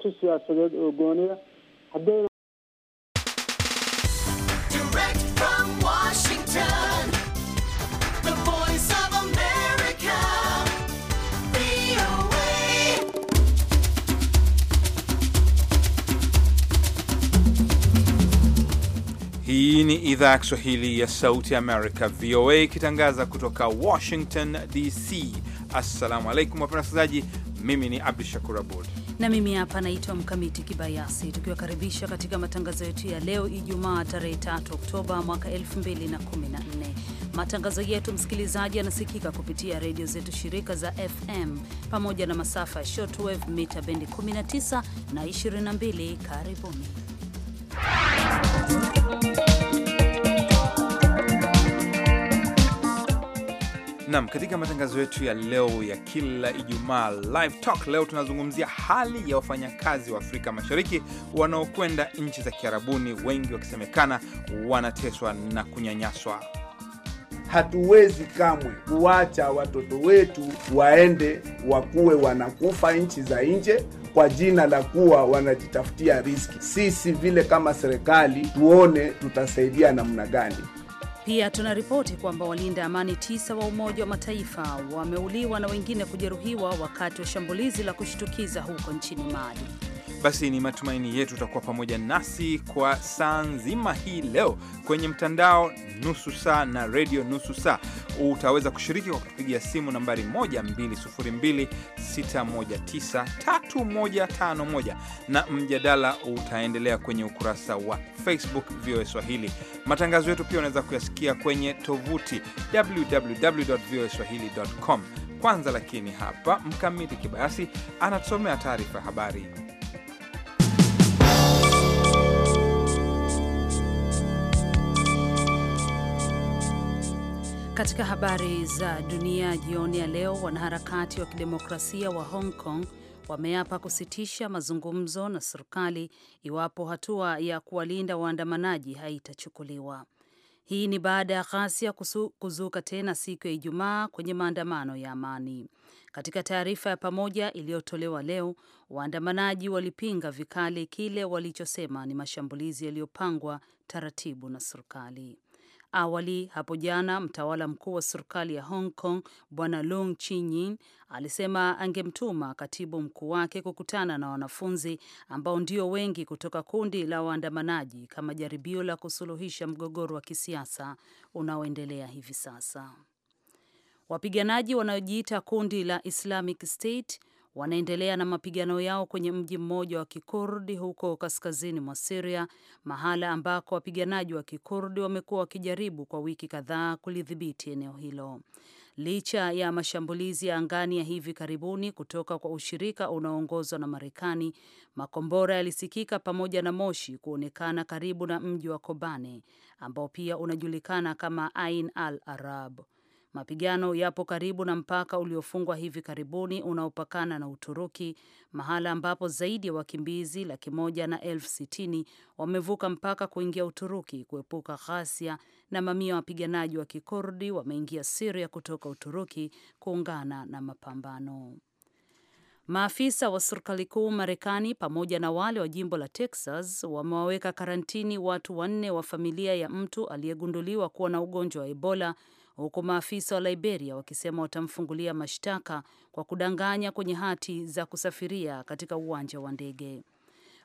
karti siyaasadeed oo gooniya haday Hii ni idhaa ya Kiswahili ya Sauti Amerika, VOA, ikitangaza kutoka Washington DC. Assalamu alaikum wapenda wasikilizaji, mimi ni Abdu Shakur Abud na mimi hapa naitwa Mkamiti Kibayasi, tukiwakaribisha katika matangazo yetu ya leo Ijumaa tarehe 3 Oktoba mwaka 2014. Matangazo yetu msikilizaji, yanasikika kupitia redio zetu shirika za FM pamoja na masafa ya shortwave mita bendi 19 na 22. Karibuni. Nam, katika matangazo yetu ya leo ya kila Ijumaa live talk, leo tunazungumzia hali ya wafanyakazi wa Afrika Mashariki wanaokwenda nchi za Kiarabuni, wengi wakisemekana wanateswa na kunyanyaswa. Hatuwezi kamwe kuwacha watoto wetu waende wakuwe wanakufa nchi za nje kwa jina la kuwa wanajitafutia riski. Sisi vile kama serikali tuone tutasaidia namna gani. Pia tuna ripoti kwamba walinda amani tisa wa Umoja wa Mataifa wameuliwa na wengine kujeruhiwa wakati wa shambulizi la kushtukiza huko nchini Mali. Basi ni matumaini yetu utakuwa pamoja nasi kwa saa nzima hii leo. Kwenye mtandao nusu saa na redio nusu saa, utaweza kushiriki kwa kutupigia simu nambari 12026193151 na mjadala utaendelea kwenye ukurasa wa Facebook VOA Swahili. Matangazo yetu pia unaweza kuyasikia kwenye tovuti www.voaswahili.com. Kwanza lakini hapa Mkamiti Kibayasi anatusomea taarifa ya habari. Katika habari za dunia jioni ya leo, wanaharakati wa kidemokrasia wa Hong Kong wameapa kusitisha mazungumzo na serikali iwapo hatua ya kuwalinda waandamanaji haitachukuliwa. Hii ni baada ya ghasia kuzuka tena siku ya Ijumaa kwenye maandamano ya amani. Katika taarifa ya pamoja iliyotolewa leo, waandamanaji walipinga vikali kile walichosema ni mashambulizi yaliyopangwa taratibu na serikali. Awali hapo jana, mtawala mkuu wa serikali ya Hong Kong Bwana Lung Chinyin alisema angemtuma katibu mkuu wake kukutana na wanafunzi ambao ndio wengi kutoka kundi la waandamanaji kama jaribio la kusuluhisha mgogoro wa kisiasa unaoendelea hivi sasa. Wapiganaji wanaojiita kundi la Islamic State wanaendelea na mapigano yao kwenye mji mmoja wa Kikurdi huko kaskazini mwa siria mahala ambako wapiganaji wa Kikurdi wamekuwa wakijaribu kwa wiki kadhaa kulidhibiti eneo hilo. Licha ya mashambulizi ya angani ya hivi karibuni kutoka kwa ushirika unaoongozwa na Marekani, makombora yalisikika pamoja na moshi kuonekana karibu na mji wa Kobane ambao pia unajulikana kama Ain al Arab. Mapigano yapo karibu na mpaka uliofungwa hivi karibuni unaopakana na Uturuki, mahala ambapo zaidi ya wakimbizi laki moja na elfu sitini wamevuka mpaka kuingia Uturuki kuepuka ghasia, na mamia wapiganaji wa Kikurdi wameingia Siria kutoka Uturuki kuungana na mapambano. Maafisa wa serikali kuu Marekani pamoja na wale wa jimbo la Texas wamewaweka karantini watu wanne wa familia ya mtu aliyegunduliwa kuwa na ugonjwa wa Ebola huku maafisa wa Liberia wakisema watamfungulia mashtaka kwa kudanganya kwenye hati za kusafiria katika uwanja wa ndege.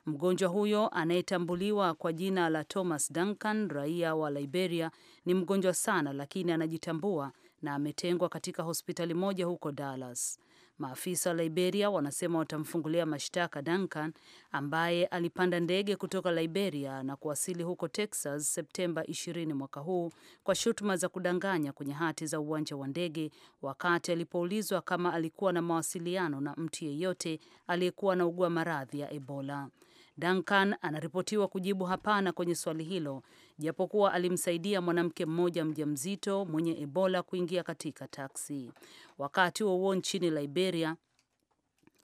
Mgonjwa huyo anayetambuliwa kwa jina la Thomas Duncan, raia wa Liberia, ni mgonjwa sana lakini anajitambua na ametengwa katika hospitali moja huko Dallas. Maafisa wa Liberia wanasema watamfungulia mashtaka Duncan ambaye alipanda ndege kutoka Liberia na kuwasili huko Texas Septemba 20 mwaka huu kwa shutuma za kudanganya kwenye hati za uwanja wa ndege wakati alipoulizwa kama alikuwa na mawasiliano na mtu yeyote aliyekuwa anaugua maradhi ya Ebola. Duncan anaripotiwa kujibu hapana kwenye swali hilo, japokuwa alimsaidia mwanamke mmoja mjamzito mwenye Ebola kuingia katika taksi. Wakati huo nchini Liberia,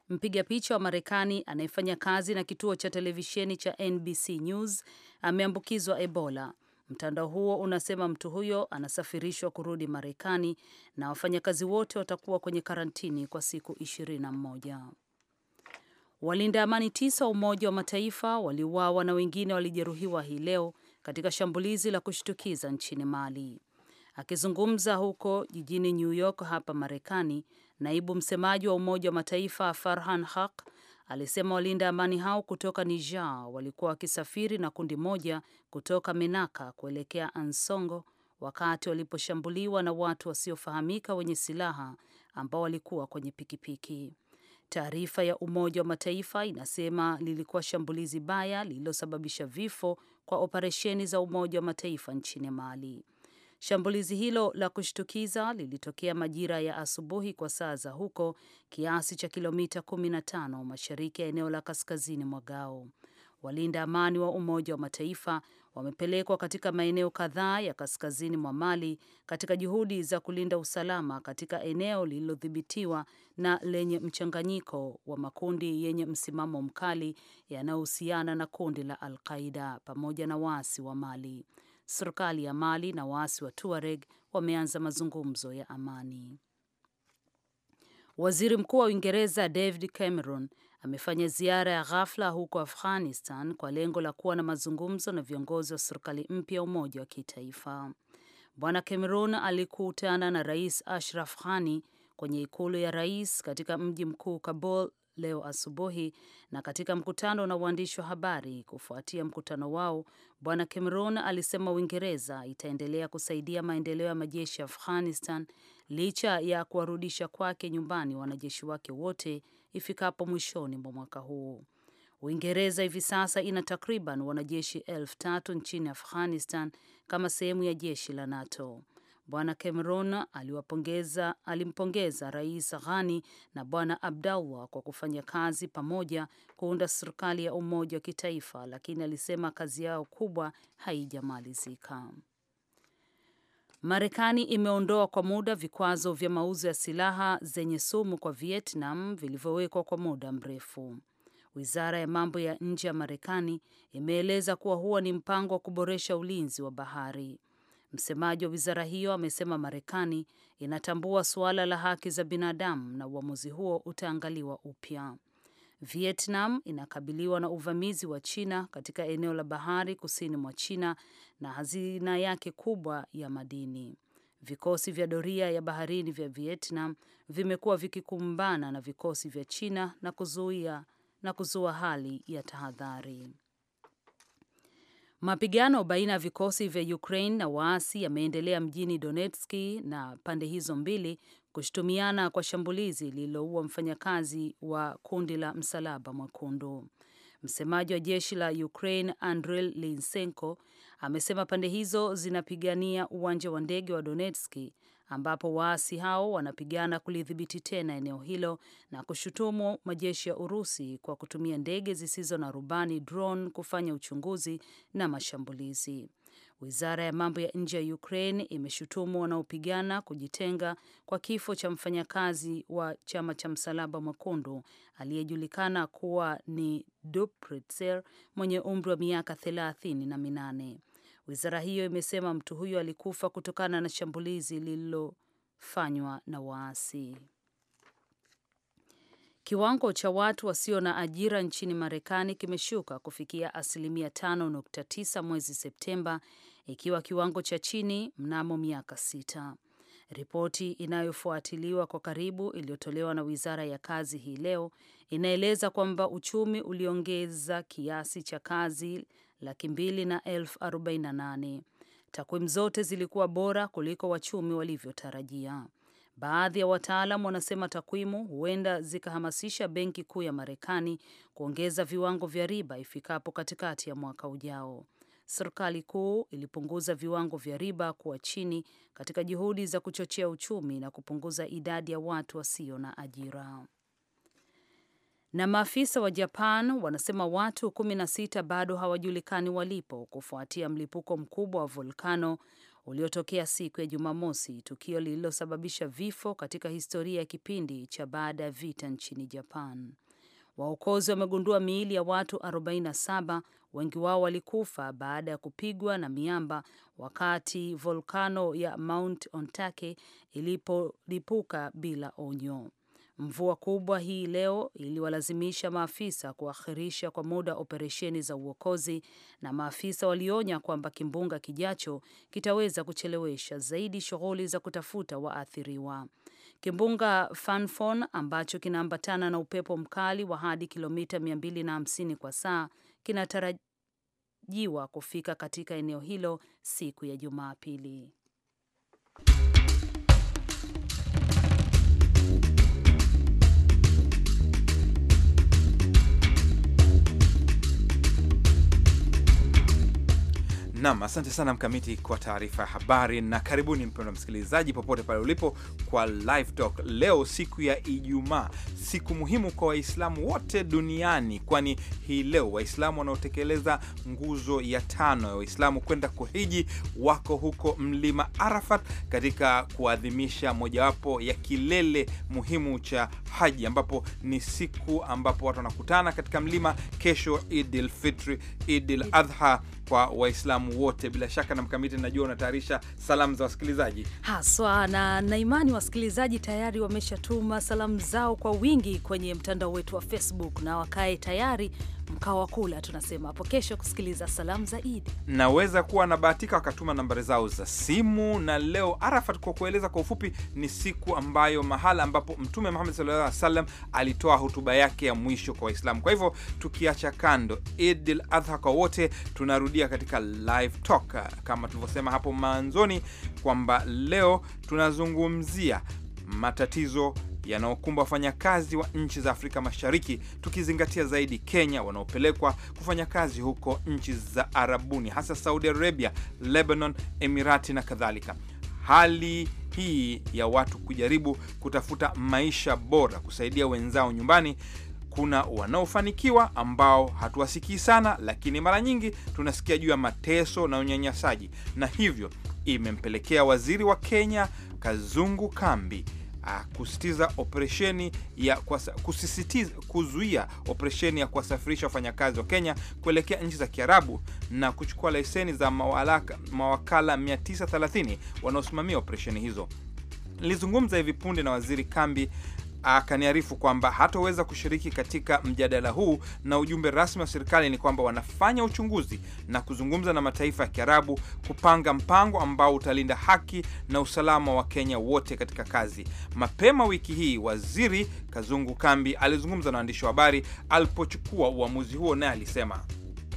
mpiga picha wa Marekani anayefanya kazi na kituo cha televisheni cha NBC News ameambukizwa Ebola. Mtandao huo unasema mtu huyo anasafirishwa kurudi Marekani na wafanyakazi wote watakuwa kwenye karantini kwa siku ishirini na moja. Walinda amani tisa wa Umoja wa Mataifa waliuawa na wengine walijeruhiwa hii leo katika shambulizi la kushtukiza nchini Mali. Akizungumza huko jijini New York hapa Marekani, naibu msemaji wa Umoja wa Mataifa Farhan Haq alisema walinda amani hao kutoka Niger walikuwa wakisafiri na kundi moja kutoka Menaka kuelekea Ansongo wakati waliposhambuliwa na watu wasiofahamika wenye silaha ambao walikuwa kwenye pikipiki. Taarifa ya Umoja wa Mataifa inasema lilikuwa shambulizi baya lililosababisha vifo kwa operesheni za Umoja wa Mataifa nchini Mali. Shambulizi hilo la kushtukiza lilitokea majira ya asubuhi kwa saa za huko, kiasi cha kilomita 15 mashariki ya eneo la kaskazini mwa Gao. Walinda amani wa Umoja wa Mataifa wamepelekwa katika maeneo kadhaa ya kaskazini mwa Mali katika juhudi za kulinda usalama katika eneo lililodhibitiwa na lenye mchanganyiko wa makundi yenye msimamo mkali yanayohusiana na kundi la Al-Qaida pamoja na waasi wa Mali. Serikali ya Mali na waasi wa Tuareg wameanza mazungumzo ya amani. Waziri Mkuu wa Uingereza David Cameron amefanya ziara ya ghafla huko Afghanistan kwa lengo la kuwa na mazungumzo na viongozi wa serikali mpya ya umoja wa kitaifa. Bwana Cameron alikutana na Rais Ashraf Ghani kwenye ikulu ya rais katika mji mkuu Kabul leo asubuhi na katika mkutano na waandishi wa habari. Kufuatia mkutano wao, Bwana Cameron alisema Uingereza itaendelea kusaidia maendeleo ya majeshi ya Afghanistan licha ya kuwarudisha kwake nyumbani wanajeshi wake wote ifikapo mwishoni mwa mwaka huu. Uingereza hivi sasa ina takriban wanajeshi elfu tatu nchini Afghanistan kama sehemu ya jeshi la NATO. Bwana Cameron aliwapongeza alimpongeza Rais Ghani na Bwana Abdallah kwa kufanya kazi pamoja kuunda serikali ya umoja wa kitaifa, lakini alisema kazi yao kubwa haijamalizika. Marekani imeondoa kwa muda vikwazo vya mauzo ya silaha zenye sumu kwa Vietnam vilivyowekwa kwa muda mrefu. Wizara ya mambo ya nje ya Marekani imeeleza kuwa huo ni mpango wa kuboresha ulinzi wa bahari. Msemaji wa wizara hiyo amesema Marekani inatambua suala la haki za binadamu na uamuzi huo utaangaliwa upya. Vietnam inakabiliwa na uvamizi wa China katika eneo la bahari kusini mwa China na hazina yake kubwa ya madini. Vikosi vya doria ya baharini vya Vietnam vimekuwa vikikumbana na vikosi vya China na kuzuia na kuzua hali ya tahadhari. Mapigano baina ya vikosi vya Ukraine na waasi yameendelea mjini Donetski na pande hizo mbili kushutumiana kwa shambulizi lililoua mfanyakazi wa kundi la Msalaba Mwekundu. Msemaji wa jeshi la Ukraine Andriy Linsenko amesema pande hizo zinapigania uwanja wa ndege wa Donetski ambapo waasi hao wanapigana kulidhibiti tena eneo hilo na kushutumu majeshi ya Urusi kwa kutumia ndege zisizo na rubani drone kufanya uchunguzi na mashambulizi. Wizara ya mambo ya nje ya Ukraine imeshutumu wanaopigana kujitenga kwa kifo cha mfanyakazi wa chama cha Msalaba Mwekundu aliyejulikana kuwa ni Dupritzer mwenye umri wa miaka thelathini na minane. Wizara hiyo imesema mtu huyo alikufa kutokana na shambulizi lililofanywa na waasi. Kiwango cha watu wasio na ajira nchini Marekani kimeshuka kufikia asilimia 5.9 mwezi Septemba, ikiwa kiwango cha chini mnamo miaka sita. Ripoti inayofuatiliwa kwa karibu iliyotolewa na Wizara ya Kazi hii leo inaeleza kwamba uchumi uliongeza kiasi cha kazi laki mbili na elfu arobaini na nane. Takwimu zote zilikuwa bora kuliko wachumi walivyotarajia. Baadhi ya wataalam wanasema takwimu huenda zikahamasisha benki kuu ya Marekani kuongeza viwango vya riba ifikapo katikati ya mwaka ujao serikali kuu ilipunguza viwango vya riba kuwa chini katika juhudi za kuchochea uchumi na kupunguza idadi ya watu wasio na ajira. Na maafisa wa Japan wanasema watu kumi na sita bado hawajulikani walipo kufuatia mlipuko mkubwa wa volkano uliotokea siku ya Jumamosi, tukio lililosababisha vifo katika historia ya kipindi cha baada ya vita nchini Japan. Waokozi wamegundua miili ya watu 47, wengi wao walikufa baada ya kupigwa na miamba wakati volkano ya Mount Ontake ilipolipuka bila onyo. Mvua kubwa hii leo iliwalazimisha maafisa kuakhirisha kwa muda operesheni za uokozi, na maafisa walionya kwamba kimbunga kijacho kitaweza kuchelewesha zaidi shughuli za kutafuta waathiriwa. Kimbunga Fanfon ambacho kinaambatana na upepo mkali wa hadi kilomita 250 kwa saa kinatarajiwa kufika katika eneo hilo siku ya Jumapili. Nam, asante sana Mkamiti kwa taarifa ya habari, na karibuni mpendwa msikilizaji popote pale ulipo kwa Live Talk leo, siku ya Ijumaa, siku muhimu kwa Waislamu wote duniani, kwani hii leo Waislamu wanaotekeleza nguzo ya tano ya Waislamu kwenda kuhiji wako huko mlima Arafat katika kuadhimisha mojawapo ya kilele muhimu cha haji, ambapo ni siku ambapo watu wanakutana katika mlima. Kesho Idil Fitri, Idil Adha kwa Waislamu wote. Bila shaka na Mkamiti, najua unatayarisha salamu za wasikilizaji haswa, na naimani wasikilizaji tayari wameshatuma salamu zao kwa wingi kwenye mtandao wetu wa Facebook, na wakae tayari kula, tunasema hapo kesho kusikiliza salamu za Idi. Naweza kuwa anabahatika wakatuma nambari zao za simu. Na leo Arafat, kwa kueleza kwa ufupi, ni siku ambayo mahala ambapo Mtume Muhammad sallallahu alaihi wasallam alitoa hotuba yake ya mwisho kwa Waislamu. Kwa hivyo tukiacha kando Idil Adha kwa wote, tunarudia katika live talk kama tulivyosema hapo mwanzoni kwamba leo tunazungumzia matatizo yanaokumba wafanyakazi wa nchi za Afrika Mashariki, tukizingatia zaidi Kenya, wanaopelekwa kufanya kazi huko nchi za Arabuni, hasa Saudi Arabia, Lebanon, Emirati na kadhalika. Hali hii ya watu kujaribu kutafuta maisha bora, kusaidia wenzao nyumbani kuna wanaofanikiwa ambao hatuwasikii sana, lakini mara nyingi tunasikia juu ya mateso na unyanyasaji, na hivyo imempelekea waziri wa Kenya Kazungu Kambi Ah, kusitiza operesheni ya kusisitiza kuzuia operesheni ya kuwasafirisha wafanyakazi wa Kenya kuelekea nchi za Kiarabu na kuchukua leseni za mawalaka, mawakala 930 wanaosimamia operesheni hizo. Nilizungumza hivi punde na waziri Kambi akaniarifu kwamba hatoweza kushiriki katika mjadala huu, na ujumbe rasmi wa serikali ni kwamba wanafanya uchunguzi na kuzungumza na mataifa ya Kiarabu kupanga mpango ambao utalinda haki na usalama wa Kenya wote katika kazi. Mapema wiki hii, waziri Kazungu Kambi alizungumza na waandishi wa habari alipochukua uamuzi huo, naye alisema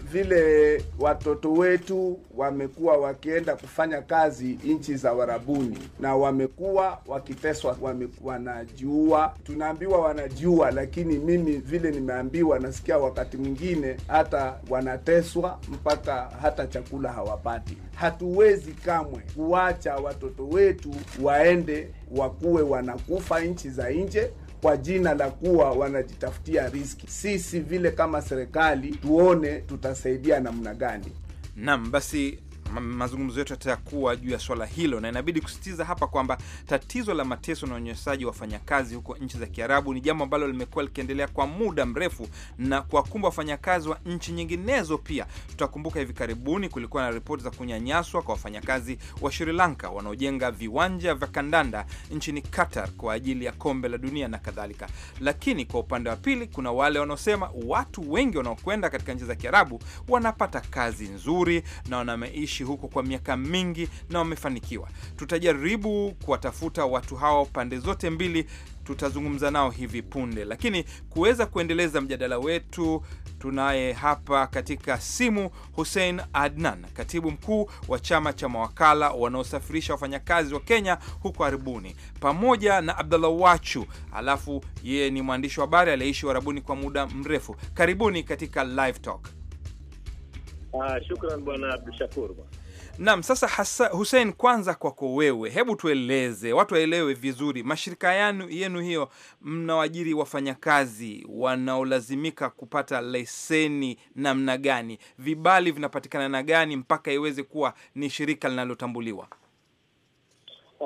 vile watoto wetu wamekuwa wakienda kufanya kazi nchi za warabuni na wamekuwa wakiteswa, wanajua wanajiua. Tunaambiwa wanajiua, lakini mimi vile nimeambiwa, nasikia wakati mwingine hata wanateswa mpaka hata chakula hawapati. Hatuwezi kamwe kuwacha watoto wetu waende wakuwe wanakufa nchi za nje kwa jina la kuwa wanajitafutia riski. Sisi vile kama serikali tuone tutasaidia namna gani. Naam, basi mazungumzo yetu yatakuwa juu ya swala hilo, na inabidi kusisitiza hapa kwamba tatizo la mateso na unyanyasaji wa wafanyakazi huko nchi za Kiarabu ni jambo ambalo limekuwa likiendelea kwa muda mrefu na kuwakumba wafanyakazi wa nchi nyinginezo pia. Tutakumbuka hivi karibuni kulikuwa na ripoti za kunyanyaswa kwa wafanyakazi wa Sri Lanka wanaojenga viwanja vya kandanda nchini Qatar kwa ajili ya kombe la dunia na kadhalika. Lakini kwa upande wa pili, kuna wale wanaosema watu wengi wanaokwenda katika nchi za Kiarabu wanapata kazi nzuri na wanameishi wameishi huko kwa miaka mingi na wamefanikiwa. Tutajaribu kuwatafuta watu hao pande zote mbili, tutazungumza nao hivi punde. Lakini kuweza kuendeleza mjadala wetu, tunaye hapa katika simu Hussein Adnan, katibu mkuu wa chama cha mawakala wanaosafirisha wafanyakazi wa Kenya huko Arabuni, pamoja na Abdallah Wachu, alafu yeye ni mwandishi wa habari aliyeishi Arabuni kwa muda mrefu. Karibuni katika Live Talk. Ah, shukran bwana Abdushakur. Naam, sasa hasa Hussein, kwanza kwako wewe, hebu tueleze watu waelewe vizuri mashirika yanu yenu hiyo, mnawajiri wafanyakazi wanaolazimika kupata leseni namna gani? Vibali vinapatikana na gani mpaka iweze kuwa ni shirika linalotambuliwa?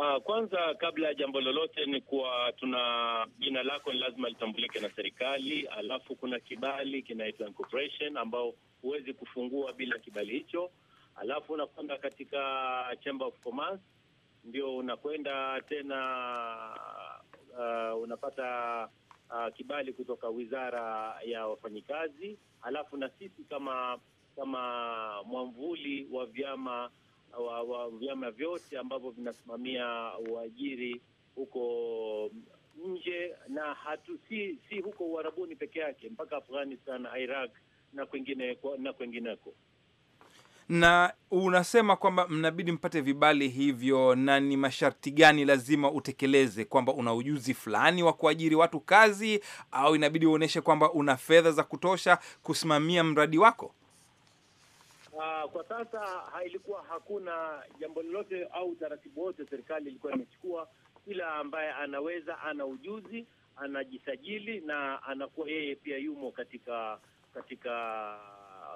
Ah, kwanza kabla ya jambo lolote, ni kuwa tuna jina lako ni lazima litambulike na serikali, alafu kuna kibali kinaitwa incorporation ambao huwezi kufungua bila kibali hicho. Alafu unakwenda katika Chamber of Commerce, ndio unakwenda tena uh, unapata uh, kibali kutoka Wizara ya Wafanyikazi. Alafu na sisi kama kama mwamvuli wa vyama wa, wa vyama vyote ambavyo vinasimamia uajiri huko nje na hatu si, si huko Uarabuni peke yake, mpaka Afghanistan, Iraq na kwingineko na kwingineko na unasema kwamba mnabidi mpate vibali hivyo, na ni masharti gani lazima utekeleze? Kwamba una ujuzi fulani wa kuajiri watu kazi, au inabidi uonyeshe kwamba una fedha za kutosha kusimamia mradi wako? Uh, kwa sasa ilikuwa hakuna jambo lolote au utaratibu wote serikali ilikuwa imechukua. Kila ambaye anaweza, ana ujuzi, anajisajili na anakuwa yeye pia yumo katika katika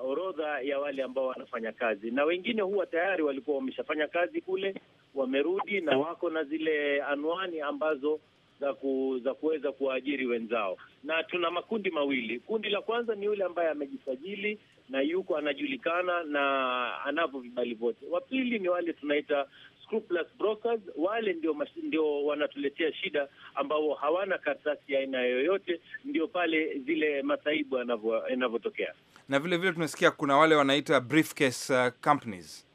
orodha ya wale ambao wanafanya kazi, na wengine huwa tayari walikuwa wameshafanya kazi kule, wamerudi na wako na zile anwani ambazo za ku, za kuweza kuwaajiri wenzao. Na tuna makundi mawili. Kundi la kwanza ni yule ambaye amejisajili na yuko anajulikana na anavyo vibali vyote. Wa pili ni wale tunaita brokers, wale ndio, ndio wanatuletea shida, ambao hawana karatasi ya aina yoyote, ndio pale zile masaibu yanavyotokea. Na vile vile tunasikia kuna wale wanaita briefcase uh, companies,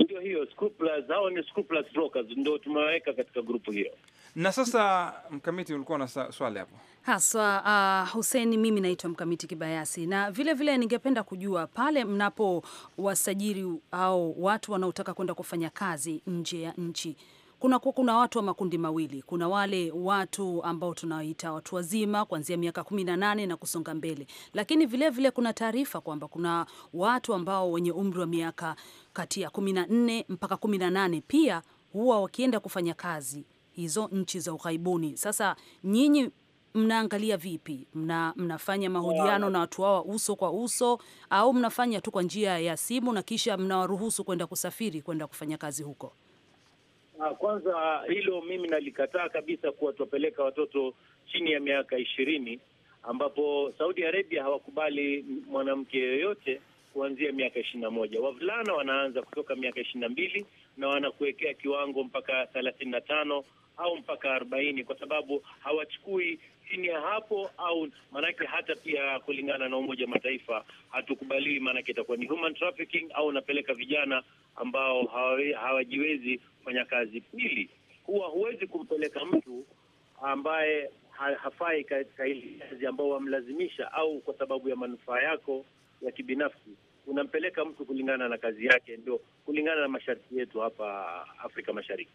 ndio hiyo scruplers, hao ni brokers, ndio tumewaweka katika grupu hiyo. Na sasa mkamiti, ulikuwa na swali hapo haswa. Uh, Hussein, mimi naitwa mkamiti Kibayasi, na vile vile ningependa kujua pale mnapo wasajili au watu wanaotaka kwenda kufanya kazi nje ya nchi kuna, kuna watu wa makundi mawili. Kuna wale watu ambao tunawaita watu wazima kuanzia miaka kumi na nane na kusonga mbele, lakini vilevile vile kuna taarifa kwamba kuna watu ambao wenye umri wa miaka kati ya kumi na nne mpaka kumi na nane pia huwa wakienda kufanya kazi hizo nchi za ughaibuni. Sasa nyinyi mnaangalia vipi? Mna, mnafanya mahojiano na watu hawa uso kwa uso au mnafanya tu kwa njia ya simu na kisha mnawaruhusu kwenda kusafiri kwenda kufanya kazi huko? Ah, kwanza hilo mimi nalikataa kabisa, kuwa tuwapeleka watoto chini ya miaka ishirini, ambapo Saudi Arabia hawakubali mwanamke yoyote kuanzia miaka ishirini na moja. Wavulana wanaanza kutoka miaka ishirini na mbili na wanakuwekea kiwango mpaka thelathini na tano au mpaka arobaini kwa sababu hawachukui chini ya hapo au maanake, hata pia kulingana na Umoja wa Mataifa hatukubaliwi, maanake itakuwa ni human trafficking au unapeleka vijana ambao hawajiwezi kufanya kazi. Pili, huwa huwezi kumpeleka mtu ambaye hafai katika hili kazi ambao wamlazimisha au kwa sababu ya manufaa yako ya kibinafsi. Unampeleka mtu kulingana na kazi yake, ndio kulingana na masharti yetu hapa Afrika Mashariki.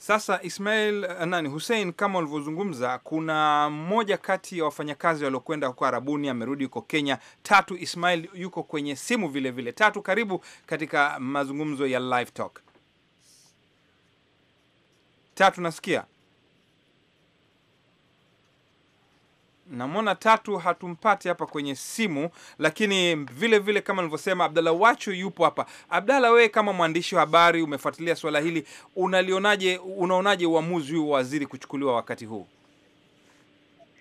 Sasa Ismail eh, nani Hussein, kama ulivyozungumza, kuna mmoja kati ya wafanyakazi waliokwenda huko Arabuni amerudi huko Kenya. Tatu Ismail yuko kwenye simu vilevile vile. Tatu, karibu katika mazungumzo ya Live Talk. Tatu, nasikia namwona Tatu hatumpati hapa kwenye simu, lakini vile vile kama nilivyosema, Abdalla Wachu yupo hapa. Abdalla, wewe kama mwandishi wa habari umefuatilia swala hili, unalionaje? Unaonaje uamuzi huu wa waziri kuchukuliwa wakati huu?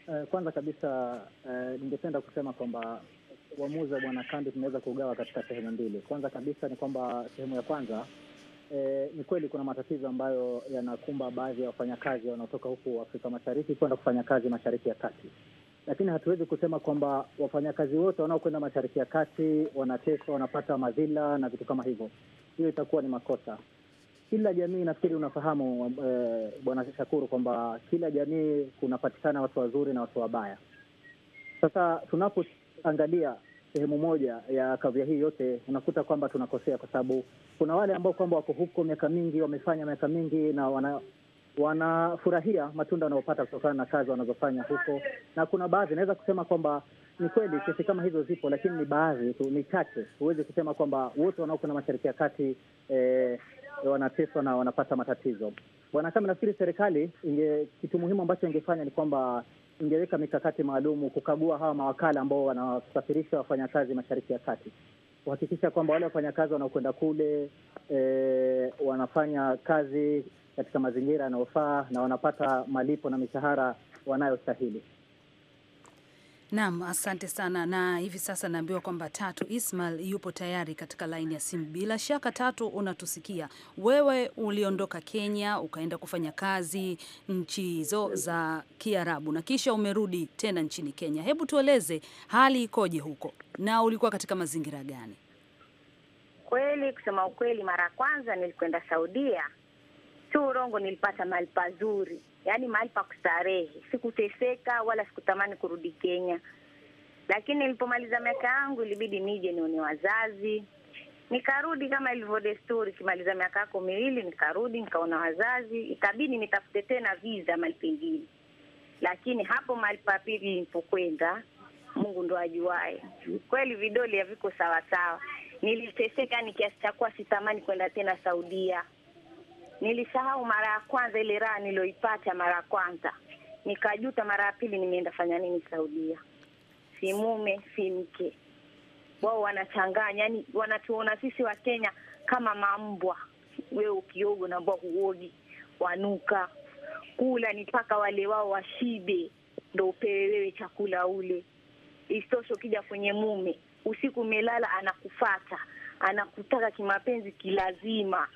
Eh, kwanza kabisa eh, ningependa eh, kusema kwamba uamuzi wa bwana Kandi tunaweza kuugawa katika sehemu mbili. Kwanza kabisa ni kwamba sehemu ya kwanza E, ni kweli kuna matatizo ambayo yanakumba baadhi ya wafanyakazi wanaotoka huku Afrika Mashariki kwenda kufanya kazi Mashariki ya Kati, lakini hatuwezi kusema kwamba wafanyakazi wote wanaokwenda Mashariki ya Kati wanateswa, wanapata madhila na vitu kama hivyo. Hiyo itakuwa ni makosa. Kila jamii, nafikiri unafahamu eh, Bwana Shakuru, kwamba kila jamii kunapatikana watu wazuri na watu wabaya. Sasa tunapoangalia sehemu moja ya kavya hii yote, unakuta kwamba tunakosea, kwa sababu kuna wale ambao kwamba wako huko miaka mingi, wamefanya miaka mingi na wana wanafurahia matunda wanaopata kutokana na kazi wanazofanya huko, na kuna baadhi naweza kusema kwamba ni kweli kesi kama hizo zipo, lakini ni baadhi tu, ni chache. Huwezi kusema kwamba wote wanaoko na Mashariki ya Kati eh, wanateswa na wanapata matatizo. Bwana Kame, nafikiri serikali inge, kitu muhimu ambacho ingefanya ni kwamba ingeweka mikakati maalumu kukagua hawa mawakala ambao wanasafirisha wafanyakazi Mashariki ya Kati, kuhakikisha kwamba wale wafanyakazi wanaokwenda kule eh, wanafanya kazi katika mazingira yanayofaa na wanapata malipo na mishahara wanayostahili. Naam, asante sana. Na hivi sasa naambiwa kwamba Tatu Ismail yupo tayari katika laini ya simu. Bila shaka, Tatu, unatusikia wewe. Uliondoka Kenya ukaenda kufanya kazi nchi hizo za Kiarabu na kisha umerudi tena nchini Kenya. Hebu tueleze hali ikoje huko na ulikuwa katika mazingira gani? Kweli, kusema ukweli, mara ya kwanza nilikwenda Saudia sio urongo, nilipata mahali pazuri, yaani mahali pa kustarehe, sikuteseka wala sikutamani kurudi Kenya. Lakini nilipomaliza miaka yangu ilibidi nije nione wazazi, nikarudi kama ilivyo desturi. Kimaliza miaka yako miwili, nikarudi nikaona wazazi, ikabidi nitafute tena visa mahali pengine. Lakini hapo mahali pa pili nilipokwenda, Mungu ndo ajuae kweli vidole haviko sawasawa. Niliteseka ni kiasi cha kuwa sitamani kwenda tena Saudia. Nilisahau mara ya kwanza ile raha niloipata mara ya kwanza, nikajuta mara ya pili. Nimeenda fanya nini Saudia? Si mume si mke, wao wanachanganya, yani wanatuona sisi wa Kenya kama mambwa. Wewe ukiogo nambwa huogi, wanuka. Kula ni mpaka wale wao washibe ndo upewe wewe chakula ule. Isitoshe, ukija kwenye mume usiku umelala, anakufata anakutaka kimapenzi, kilazima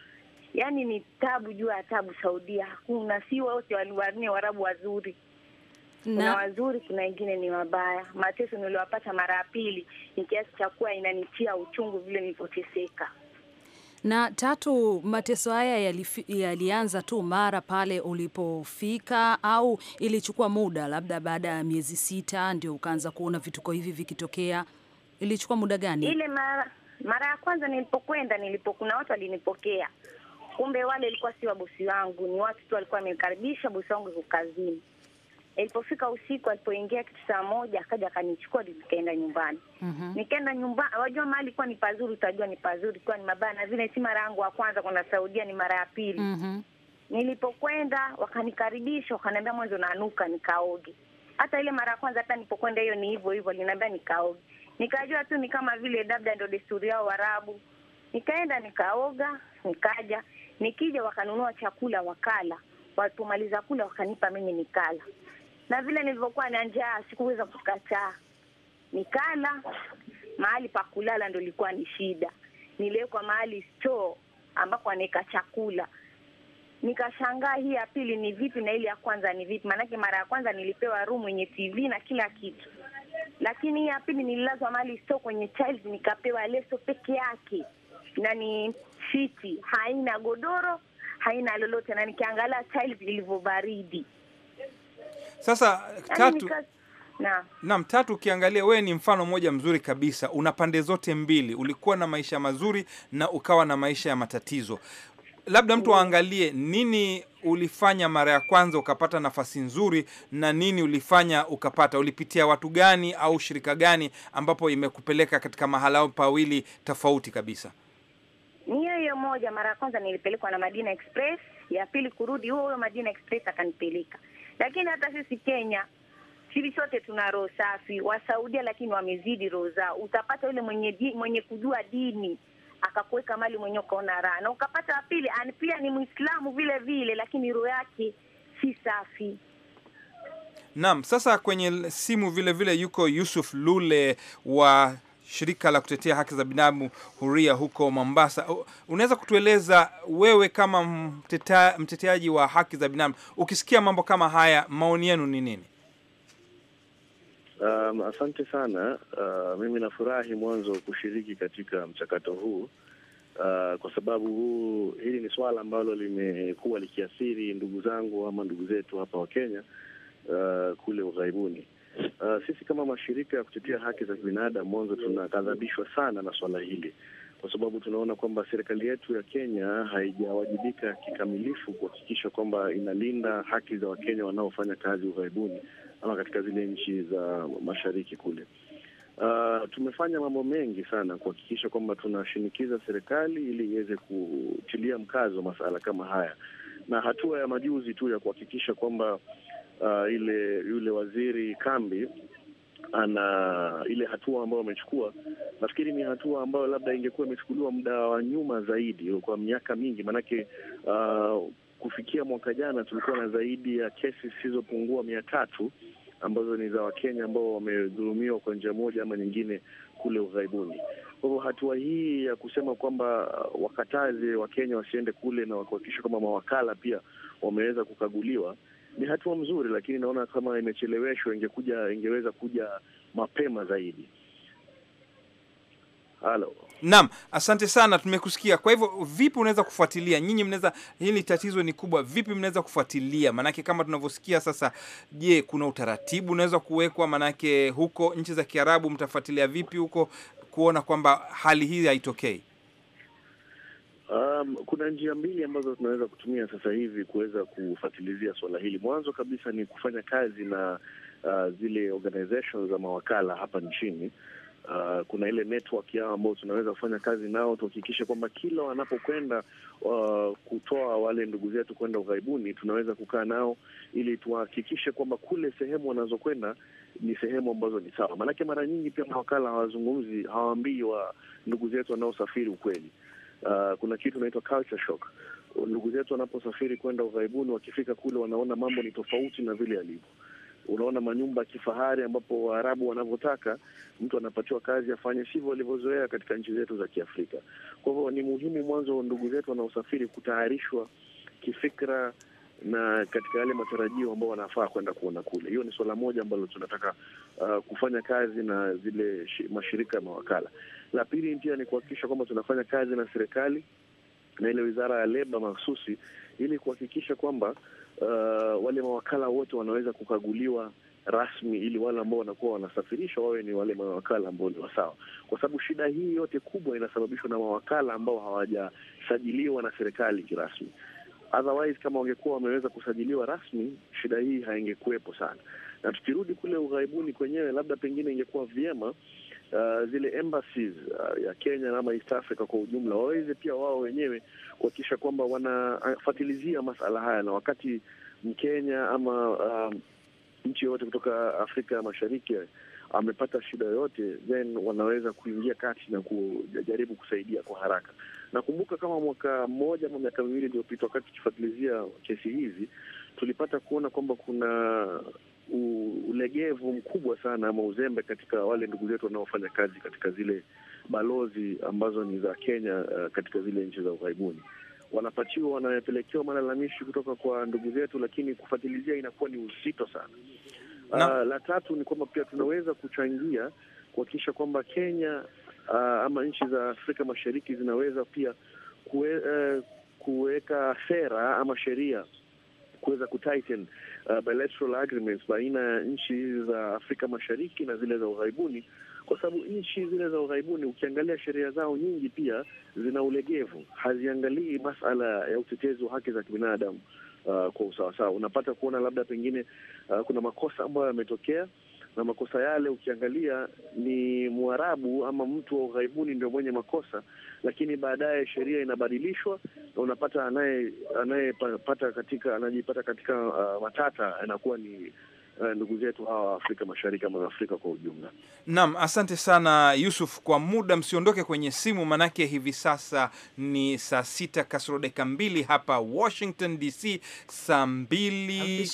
yani ni tabu juu ya tabu. Saudia hakuna, si wote waliwanne warabu wazuri na kuna wazuri, kuna wengine ni wabaya. Mateso niliwapata mara ya pili ni kiasi cha kuwa inanitia uchungu vile nilivyoteseka. Na tatu, mateso haya yalianza tu mara pale ulipofika, au ilichukua muda, labda baada ya miezi sita ndio ukaanza kuona vituko hivi vikitokea? Ilichukua muda gani ile mara mara ya kwanza nilipokwenda? Nilipo, kuna watu walinipokea Kumbe wale walikuwa si wabosi wangu, ni watu tu walikuwa wamekaribisha bosi wangu kazini. Ilipofika usiku, alipoingia kitu saa moja, akaja akanichukua, nikaenda nyumbani. mm -hmm. Nikaenda nyumbani, wajua mahali kuwa ni pazuri, utajua ni pazuri kuwa ni mabaya, na vile si mara yangu wa kwanza kuna Saudia, ni mara ya pili. mm -hmm. Nilipokwenda wakanikaribisha, wakaniambia mwanzo nanuka, nikaoge. Hata ile mara ya kwanza, hata nilipokwenda hiyo ni hivyo hivyo, linaambia nikaoge. Nikajua tu ni kama vile labda ndio desturi yao Waarabu. Nikaenda nikaoga, nikaja Nikija wakanunua chakula wakala, walipomaliza kula wakanipa mimi nikala, na vile nilivyokuwa na njaa sikuweza kukataa, nikala. Mahali pa kulala ndo ilikuwa ni shida, niliwekwa mahali store ambako anaweka chakula nikashangaa hii ya pili ni vipi na ile ya kwanza ni vipi? Maanake mara ya kwanza nilipewa room yenye TV na kila kitu, lakini hii ya pili nililazwa mahali store kwenye tiles, nikapewa leso peke yake na ni fiti, haina godoro, haina lolote, na nikiangalia ilivyo baridi. Sasa yaani tatu na naam, tatu, ukiangalia wewe ni mfano mmoja mzuri kabisa, una pande zote mbili, ulikuwa na maisha mazuri na ukawa na maisha ya matatizo. Labda mtu mm. aangalie nini ulifanya mara ya kwanza ukapata nafasi nzuri, na nini ulifanya ukapata, ulipitia watu gani au shirika gani ambapo imekupeleka katika mahala pawili tofauti kabisa? ni hiyo hiyo moja. Mara ya kwanza nilipelekwa na Madina Express, ya pili kurudi huo huyo Madina Express akanipeleka. Lakini hata sisi Kenya sisi sote tuna roho safi, Wasaudia lakini wamezidi roho zao. Utapata yule mwenye di, mwenye kujua dini akakuweka mali mwenye ukaona raha, na ukapata wapili pia ni Muislamu vile vile, lakini roho yake si safi. Naam, sasa kwenye simu vile vile yuko Yusuf Lule wa shirika la kutetea haki za binadamu huria huko Mombasa. Unaweza kutueleza wewe kama mteta, mteteaji wa haki za binadamu, ukisikia mambo kama haya maoni yenu ni nini? Um, asante sana. Uh, mimi nafurahi mwanzo kushiriki katika mchakato huu Uh, kwa sababu huu hili ni swala ambalo limekuwa likiathiri ndugu zangu ama ndugu zetu hapa wa Kenya uh, kule ughaibuni. Uh, sisi kama mashirika ya kutetea haki za binadamu mwanzo tunakadhabishwa sana na swala hili, kwa sababu tunaona kwamba serikali yetu ya Kenya haijawajibika kikamilifu kuhakikisha kwamba inalinda haki za Wakenya wanaofanya kazi ughaibuni ama katika zile nchi za mashariki kule. Uh, tumefanya mambo mengi sana kuhakikisha kwamba tunashinikiza serikali ili iweze kutilia mkazo masala kama haya na hatua ya majuzi tu ya kuhakikisha kwamba uh, ile yule waziri Kambi ana ile hatua ambayo amechukua, nafikiri ni hatua ambayo labda ingekuwa imechukuliwa muda wa nyuma zaidi, kwa miaka mingi, maanake uh, kufikia mwaka jana tulikuwa na zaidi ya kesi zisizopungua mia tatu ambazo ni za Wakenya ambao wamedhulumiwa kwa njia moja ama nyingine kule ughaibuni. Kwa hivyo hatua hii ya kusema kwamba uh, wakataze Wakenya wasiende kule na kuhakikisha kwamba mawakala pia wameweza kukaguliwa ni hatua mzuri, lakini naona kama imecheleweshwa, ingekuja ingeweza kuja mapema zaidi. Halo. Naam, asante sana, tumekusikia. Kwa hivyo vipi unaweza kufuatilia nyinyi, mnaweza hili tatizo ni kubwa, vipi mnaweza kufuatilia? Maanake kama tunavyosikia sasa, je, kuna utaratibu unaweza kuwekwa? Maanake huko nchi za Kiarabu mtafuatilia vipi huko kuona kwamba hali hii haitokei? Um, kuna njia mbili ambazo tunaweza kutumia sasa hivi kuweza kufuatilizia swala hili. Mwanzo kabisa ni kufanya kazi na uh, zile organizations za mawakala hapa nchini uh, kuna ile network yao ambao tunaweza kufanya kazi nao, tuhakikishe kwamba kila wanapokwenda uh, kutoa wale ndugu zetu kwenda ughaibuni, tunaweza kukaa nao ili tuhakikishe kwamba kule sehemu wanazokwenda ni sehemu ambazo ni sawa. Maanake mara nyingi pia mawakala hawazungumzi, hawaambii wa ndugu zetu wanaosafiri ukweli. Uh, kuna kitu inaitwa culture shock. Ndugu zetu wanaposafiri kwenda ughaibuni, wakifika kule wanaona mambo ni tofauti na vile yalivyo unaona manyumba ya kifahari ambapo Waarabu wanavyotaka mtu anapatiwa kazi afanye sivyo walivyozoea katika nchi zetu za Kiafrika. Kwa hivyo ni muhimu mwanzo ndugu zetu wanaosafiri kutayarishwa kifikra na katika yale matarajio ambao wanafaa kwenda kuona kule. Hiyo ni suala moja ambalo tunataka uh, kufanya kazi na zile mashirika ya mawakala. La pili pia ni kuhakikisha kwamba tunafanya kazi na serikali na ile wizara ya leba mahsusi ili kuhakikisha kwamba uh, wale mawakala wote wanaweza kukaguliwa rasmi ili wale ambao wanakuwa wanasafirishwa wawe ni wale mawakala ambao ni wasawa, kwa sababu shida hii yote kubwa inasababishwa na mawakala ambao hawajasajiliwa na serikali kirasmi. Otherwise, kama wangekuwa wameweza kusajiliwa rasmi, shida hii haingekuwepo sana. Na tukirudi kule ughaibuni kwenyewe, labda pengine ingekuwa vyema uh, zile embassies uh, ya Kenya ama East Africa kwa ujumla waweze pia wao wenyewe kuhakikisha kwamba wanafatilizia masala haya, na wakati Mkenya ama uh, nchi yoyote kutoka Afrika Mashariki amepata shida yoyote, then wanaweza kuingia kati na kujaribu kusaidia kwa haraka. Nakumbuka kama mwaka mmoja ama miaka miwili iliyopita, wakati tukifuatilizia kesi hizi, tulipata kuona kwamba kuna ulegevu mkubwa sana ama uzembe katika wale ndugu zetu wanaofanya kazi katika zile balozi ambazo ni za Kenya uh, katika zile nchi za ughaibuni. Wanapatiwa, wanapelekewa malalamishi kutoka kwa ndugu zetu, lakini kufatilizia inakuwa ni uzito sana. Uh, la tatu ni kwamba pia tunaweza kuchangia kuhakikisha kwamba Kenya uh, ama nchi za Afrika Mashariki zinaweza pia eh, kuweka uh, sera ama sheria kuweza kutighten uh, bilateral agreements baina ya nchi za Afrika Mashariki na zile za ughaibuni, kwa sababu nchi zile za ughaibuni ukiangalia sheria zao nyingi pia zina ulegevu, haziangalii masala ya utetezi wa haki za kibinadamu uh, kwa usawasawa. Unapata kuona labda pengine uh, kuna makosa ambayo yametokea na makosa yale ukiangalia ni Mwarabu ama mtu wa ughaibuni ndio mwenye makosa, lakini baadaye sheria inabadilishwa na unapata anayepata katika anajipata katika uh, matata anakuwa ni Eh, ndugu zetu hawa wa Afrika Mashariki ama Afrika kwa ujumla. Naam, asante sana Yusuf. Kwa muda msiondoke kwenye simu, manake hivi sasa ni saa sita kasoro dakika mbili hapa Washington DC, saa mbili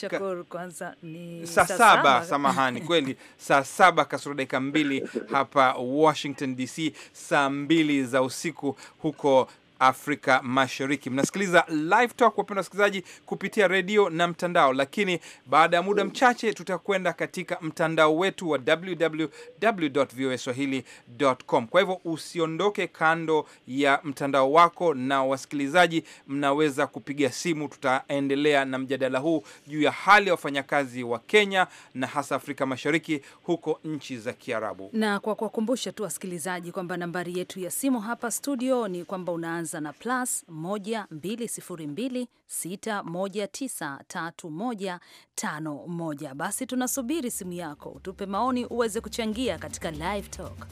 kwanza ni saa saba samahani, kweli saa saba kasoro dakika mbili hapa Washington DC, saa mbili za usiku huko Afrika Mashariki. Mnasikiliza Live Talk, wapenda wasikilizaji, kupitia redio na mtandao, lakini baada ya muda mchache tutakwenda katika mtandao wetu wa www.voaswahili.com. Kwa hivyo usiondoke kando ya mtandao wako, na wasikilizaji, mnaweza kupiga simu. Tutaendelea na mjadala huu juu ya hali ya wafanyakazi wa Kenya na hasa Afrika Mashariki, huko nchi za Kiarabu. Na kwa kuwakumbusha tu wasikilizaji kwamba nambari yetu ya simu hapa studio ni kwamba unaanza anza na plus 12026193151. Basi tunasubiri simu yako, utupe maoni uweze kuchangia katika live talk.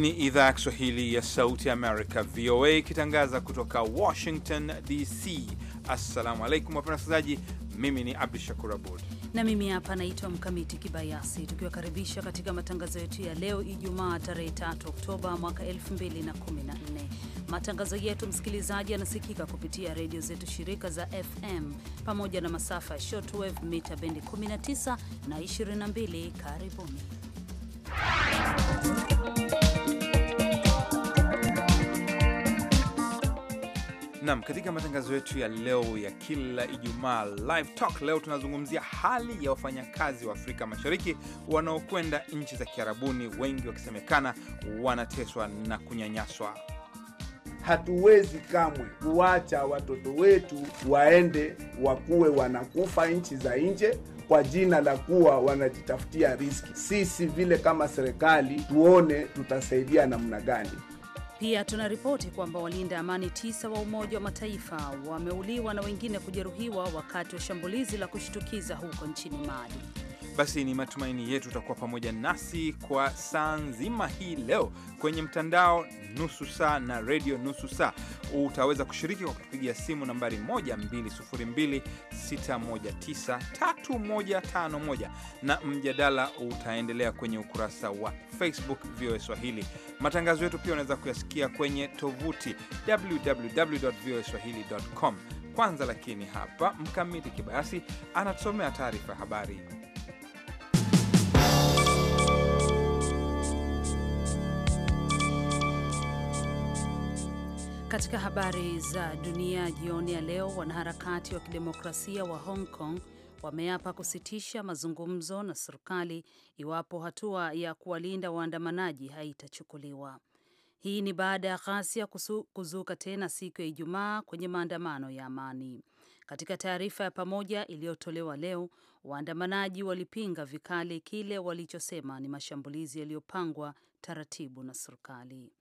Hii ni idhaa ya Kiswahili ya Sauti ya Amerika, VOA, ikitangaza kutoka Washington DC. Assalamu alaikum wapenda wasikilizaji, mimi ni Abdu Shakur Abud na mimi hapa naitwa Mkamiti Kibayasi, tukiwakaribisha katika matangazo yetu ya leo Ijumaa tarehe 3 Oktoba mwaka 2014. Matangazo yetu msikilizaji, yanasikika kupitia redio zetu shirika za FM pamoja na masafa ya shortwave mita bendi 19 na 22. Karibuni. Nam, katika matangazo yetu ya leo ya kila Ijumaa Live Talk, leo tunazungumzia hali ya wafanyakazi wa Afrika Mashariki wanaokwenda nchi za Kiarabuni, wengi wakisemekana wanateswa na kunyanyaswa. Hatuwezi kamwe kuacha watoto wetu waende wakuwe wanakufa nchi za nje kwa jina la kuwa wanajitafutia riski. Sisi vile kama serikali tuone tutasaidia namna gani. Pia tuna ripoti kwamba walinda amani tisa wa Umoja wa Mataifa wameuliwa na wengine kujeruhiwa wakati wa shambulizi la kushtukiza huko nchini Mali. Basi ni matumaini yetu utakuwa pamoja nasi kwa saa nzima hii leo. Kwenye mtandao nusu saa na redio nusu saa, utaweza kushiriki kwa kutupigia simu nambari 12026193151 na mjadala utaendelea kwenye ukurasa wa Facebook VOA Swahili. Matangazo yetu pia unaweza kuyasikia kwenye tovuti www voa swahili.com. Kwanza lakini, hapa Mkamiti Kibayasi anatusomea taarifa ya habari. Katika habari za dunia jioni ya leo, wanaharakati wa kidemokrasia wa Hong Kong wameapa kusitisha mazungumzo na serikali iwapo hatua ya kuwalinda waandamanaji haitachukuliwa. Hii ni baada ya ghasia kuzuka tena siku ya Ijumaa kwenye maandamano ya amani. Katika taarifa ya pamoja iliyotolewa leo, waandamanaji walipinga vikali kile walichosema ni mashambulizi yaliyopangwa taratibu na serikali.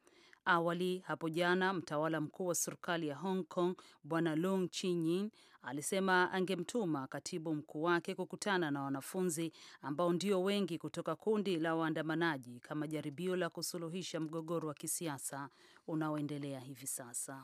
Awali hapo jana, mtawala mkuu wa serikali ya Hong Kong Bwana Lung Chinyin alisema angemtuma katibu mkuu wake kukutana na wanafunzi ambao ndio wengi kutoka kundi la waandamanaji kama jaribio la kusuluhisha mgogoro wa kisiasa unaoendelea hivi sasa.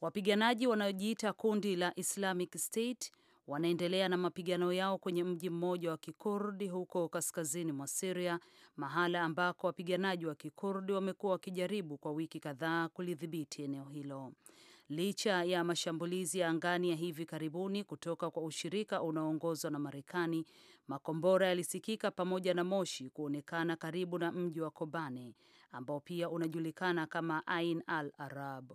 Wapiganaji wanaojiita kundi la Islamic State wanaendelea na mapigano yao kwenye mji mmoja wa Kikurdi huko kaskazini mwa siria mahala ambako wapiganaji wa Kikurdi wamekuwa wakijaribu kwa wiki kadhaa kulidhibiti eneo hilo. Licha ya mashambulizi ya angani ya hivi karibuni kutoka kwa ushirika unaoongozwa na Marekani, makombora yalisikika pamoja na moshi kuonekana karibu na mji wa Kobane ambao pia unajulikana kama Ain al Arab.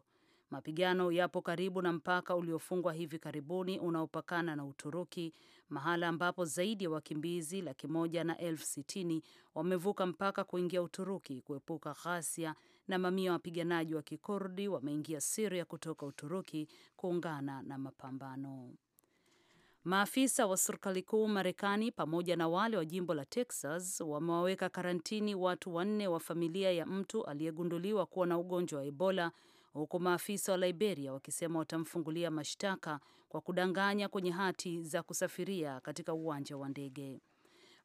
Mapigano yapo karibu na mpaka uliofungwa hivi karibuni unaopakana na Uturuki, mahala ambapo zaidi ya wakimbizi laki moja na elfu sitini wamevuka mpaka kuingia Uturuki kuepuka ghasia, na mamia ya wapiganaji wa Kikurdi wameingia Siria kutoka Uturuki kuungana na mapambano. Maafisa wa serikali kuu Marekani pamoja na wale wa jimbo la Texas wamewaweka karantini watu wanne wa familia ya mtu aliyegunduliwa kuwa na ugonjwa wa Ebola huku maafisa wa Liberia wakisema watamfungulia mashtaka kwa kudanganya kwenye hati za kusafiria katika uwanja wa ndege.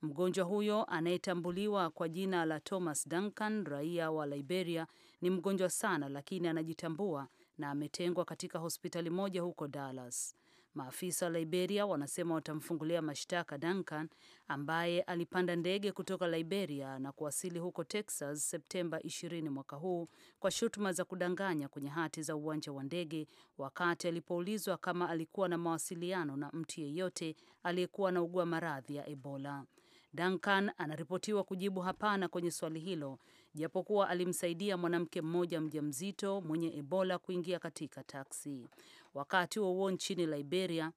Mgonjwa huyo anayetambuliwa kwa jina la Thomas Duncan, raia wa Liberia, ni mgonjwa sana lakini anajitambua na ametengwa katika hospitali moja huko Dallas. Maafisa wa Liberia wanasema watamfungulia mashtaka Duncan ambaye alipanda ndege kutoka Liberia na kuwasili huko Texas Septemba 20 mwaka huu kwa shutuma za kudanganya kwenye hati za uwanja wa ndege wakati alipoulizwa kama alikuwa na mawasiliano na mtu yeyote aliyekuwa anaugua maradhi ya Ebola. Duncan anaripotiwa kujibu hapana kwenye swali hilo japokuwa alimsaidia mwanamke mmoja mjamzito mwenye Ebola kuingia katika taksi. Wakati huo huo, nchini Liberia,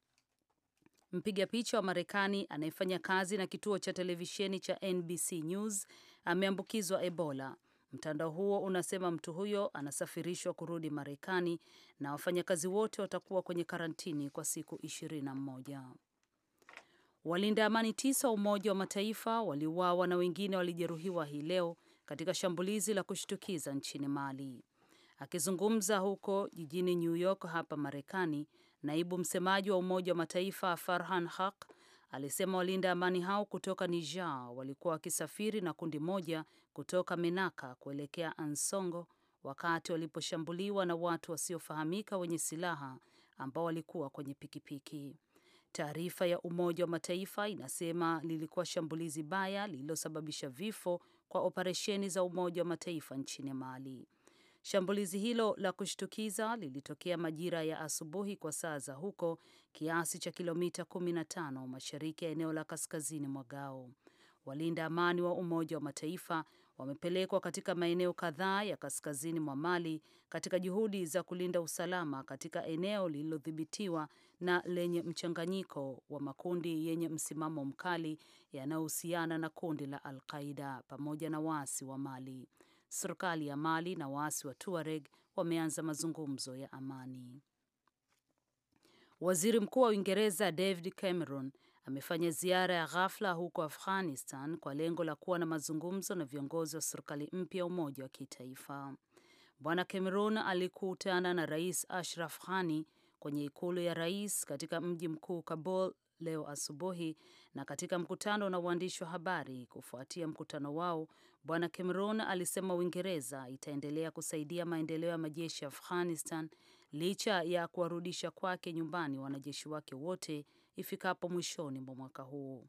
mpiga picha wa Marekani anayefanya kazi na kituo cha televisheni cha NBC News ameambukizwa Ebola. Mtandao huo unasema mtu huyo anasafirishwa kurudi Marekani na wafanyakazi wote watakuwa kwenye karantini kwa siku ishirini na moja. Walinda amani tisa wa Umoja wa Mataifa waliuawa na wengine walijeruhiwa hii leo katika shambulizi la kushtukiza nchini Mali. Akizungumza huko jijini New York hapa Marekani, naibu msemaji wa Umoja wa Mataifa Farhan Haq alisema walinda amani hao kutoka Niger walikuwa wakisafiri na kundi moja kutoka Menaka kuelekea Ansongo wakati waliposhambuliwa na watu wasiofahamika wenye silaha ambao walikuwa kwenye pikipiki. Taarifa ya Umoja wa Mataifa inasema lilikuwa shambulizi baya lililosababisha vifo kwa operesheni za Umoja wa Mataifa nchini Mali. Shambulizi hilo la kushtukiza lilitokea majira ya asubuhi kwa saa za huko, kiasi cha kilomita 15 mashariki ya eneo la kaskazini mwa Gao. Walinda amani wa Umoja wa Mataifa wamepelekwa katika maeneo kadhaa ya kaskazini mwa Mali katika juhudi za kulinda usalama katika eneo lililodhibitiwa na lenye mchanganyiko wa makundi yenye msimamo mkali yanayohusiana na kundi la Al Qaida pamoja na waasi wa Mali. Serikali ya Mali na waasi wa Tuareg wameanza mazungumzo ya amani. Waziri Mkuu wa Uingereza David Cameron amefanya ziara ya ghafla huko Afghanistan kwa lengo la kuwa na mazungumzo na viongozi wa serikali mpya ya umoja wa kitaifa. Bwana Cameron alikutana na Rais Ashraf Ghani kwenye ikulu ya rais katika mji mkuu Kabul leo asubuhi na katika mkutano na waandishi wa habari kufuatia mkutano wao, Bwana Cameron alisema Uingereza itaendelea kusaidia maendeleo ya majeshi ya Afghanistan licha ya kuwarudisha kwake nyumbani wanajeshi wake wote ifikapo mwishoni mwa mwaka huu.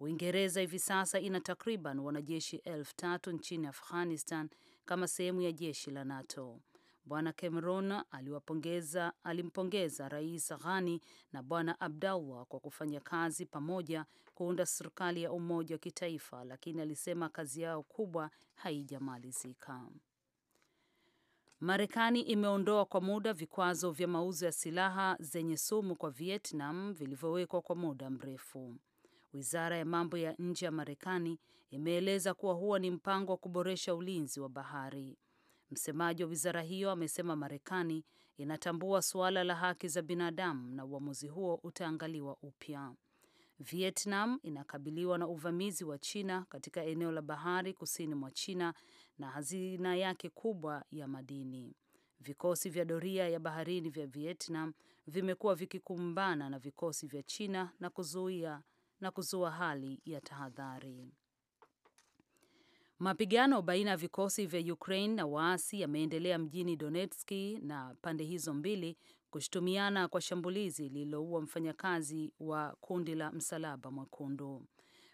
Uingereza hivi sasa ina takriban wanajeshi elfu tatu nchini Afghanistan kama sehemu ya jeshi la NATO. Bwana Cameron aliwapongeza alimpongeza Rais Ghani na Bwana Abdallah kwa kufanya kazi pamoja kuunda serikali ya umoja wa kitaifa, lakini alisema kazi yao kubwa haijamalizika. Marekani imeondoa kwa muda vikwazo vya mauzo ya silaha zenye sumu kwa Vietnam vilivyowekwa kwa muda mrefu. Wizara ya mambo ya nje ya Marekani imeeleza kuwa huo ni mpango wa kuboresha ulinzi wa bahari. Msemaji wa wizara hiyo amesema Marekani inatambua suala la haki za binadamu na uamuzi huo utaangaliwa upya. Vietnam inakabiliwa na uvamizi wa China katika eneo la bahari kusini mwa China na hazina yake kubwa ya madini. Vikosi vya doria ya baharini vya Vietnam vimekuwa vikikumbana na vikosi vya China na kuzuia na kuzua hali ya tahadhari. Mapigano baina ya vikosi vya Ukraine na waasi yameendelea mjini Donetski na pande hizo mbili kushutumiana kwa shambulizi lililoua mfanyakazi wa kundi la Msalaba Mwekundu.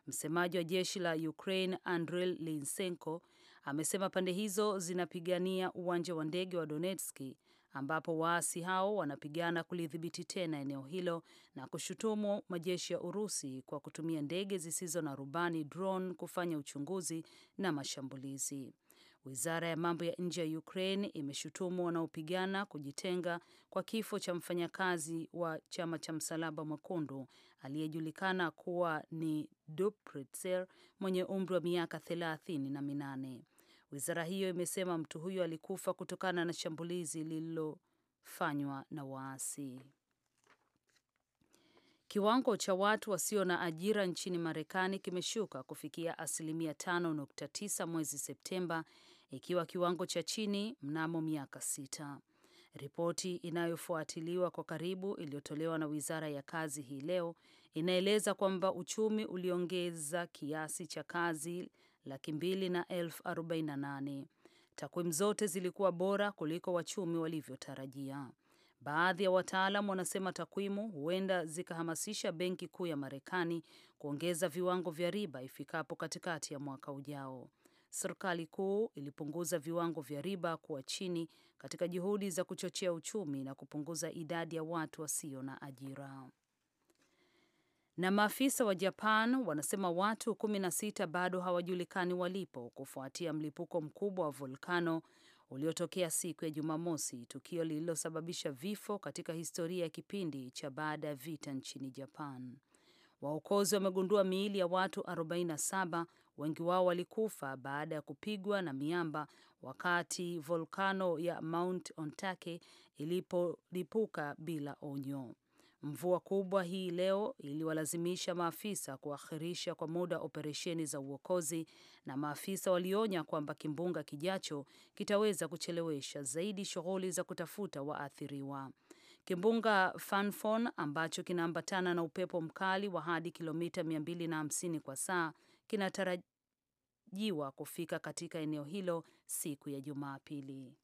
Msemaji wa jeshi la Ukraine Andriy Lysenko amesema pande hizo zinapigania uwanja wa ndege wa Donetski ambapo waasi hao wanapigana kulidhibiti tena eneo hilo na kushutumu majeshi ya Urusi kwa kutumia ndege zisizo na rubani drone kufanya uchunguzi na mashambulizi. Wizara ya mambo ya nje ya Ukraine imeshutumu wanaopigana kujitenga kwa kifo cha mfanyakazi wa chama cha Msalaba Mwekundu aliyejulikana kuwa ni Dupritzer mwenye umri wa miaka thelathini na minane. Wizara hiyo imesema mtu huyo alikufa kutokana na shambulizi lililofanywa na waasi. Kiwango cha watu wasio na ajira nchini Marekani kimeshuka kufikia asilimia 5.9 mwezi Septemba, ikiwa kiwango cha chini mnamo miaka sita. Ripoti inayofuatiliwa kwa karibu iliyotolewa na wizara ya kazi hii leo inaeleza kwamba uchumi uliongeza kiasi cha kazi laki mbili na elfu arobaini na nane. Takwimu zote zilikuwa bora kuliko wachumi walivyotarajia. Baadhi ya wataalam wanasema takwimu huenda zikahamasisha benki kuu ya Marekani kuongeza viwango vya riba ifikapo katikati ya mwaka ujao. Serikali kuu ilipunguza viwango vya riba kuwa chini katika juhudi za kuchochea uchumi na kupunguza idadi ya watu wasio na ajira na maafisa wa Japan wanasema watu 16 bado hawajulikani walipo kufuatia mlipuko mkubwa wa volkano uliotokea siku ya Jumamosi, tukio lililosababisha vifo katika historia ya kipindi cha baada ya vita nchini Japan. Waokozi wamegundua miili ya watu 47, wengi wao walikufa baada ya kupigwa na miamba wakati volkano ya Mount Ontake ilipolipuka bila onyo. Mvua kubwa hii leo iliwalazimisha maafisa kuakhirisha kwa muda operesheni za uokozi, na maafisa walionya kwamba kimbunga kijacho kitaweza kuchelewesha zaidi shughuli za kutafuta waathiriwa. Kimbunga Fanfon ambacho kinaambatana na upepo mkali wa hadi kilomita 250 kwa saa kinatarajiwa kufika katika eneo hilo siku ya Jumapili.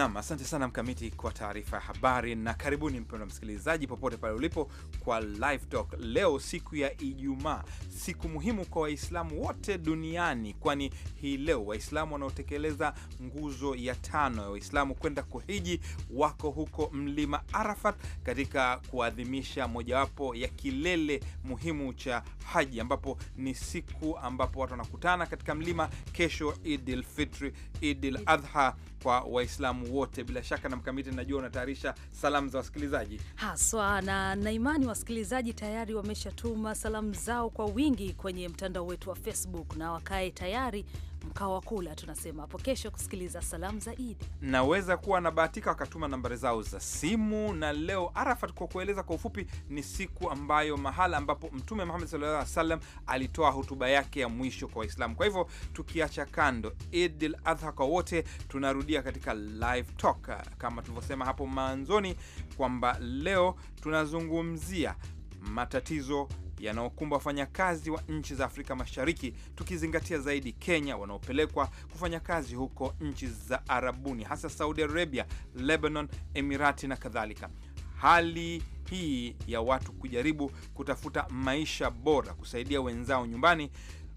Nam, asante sana Mkamiti kwa taarifa ya habari, na karibuni mpendwa msikilizaji popote pale ulipo kwa Live Talk leo, siku ya Ijumaa, siku muhimu kwa Waislamu wote duniani, kwani hii leo Waislamu wanaotekeleza nguzo ya tano ya Waislamu kwenda kuhiji wako huko mlima Arafat katika kuadhimisha mojawapo ya kilele muhimu cha haji, ambapo ni siku ambapo watu wanakutana katika mlima. Kesho Idil Fitri, Idil Adha kwa Waislamu wote bila shaka. Na Mkamiti, najua unatayarisha salamu za wasikilizaji haswa, na naimani wasikilizaji tayari wameshatuma salamu zao kwa wingi kwenye mtandao wetu wa Facebook, na wakae tayari mkawa kula tunasema hapo kesho kusikiliza salamu za Idi. Naweza kuwa anabahatika wakatuma nambari zao za simu. Na leo Arafat, kwa kueleza kwa ufupi, ni siku ambayo mahala ambapo Mtume Muhammad sallallahu alaihi wasallam alitoa hotuba yake ya mwisho kwa Waislamu. Kwa hivyo tukiacha kando Idil Adha kwa wote, tunarudia katika live talk kama tulivyosema hapo mwanzoni kwamba leo tunazungumzia matatizo yanaokumba wafanyakazi wa nchi za Afrika Mashariki, tukizingatia zaidi Kenya, wanaopelekwa kufanya kazi huko nchi za Arabuni, hasa Saudi Arabia, Lebanon, Emirati na kadhalika. Hali hii ya watu kujaribu kutafuta maisha bora, kusaidia wenzao nyumbani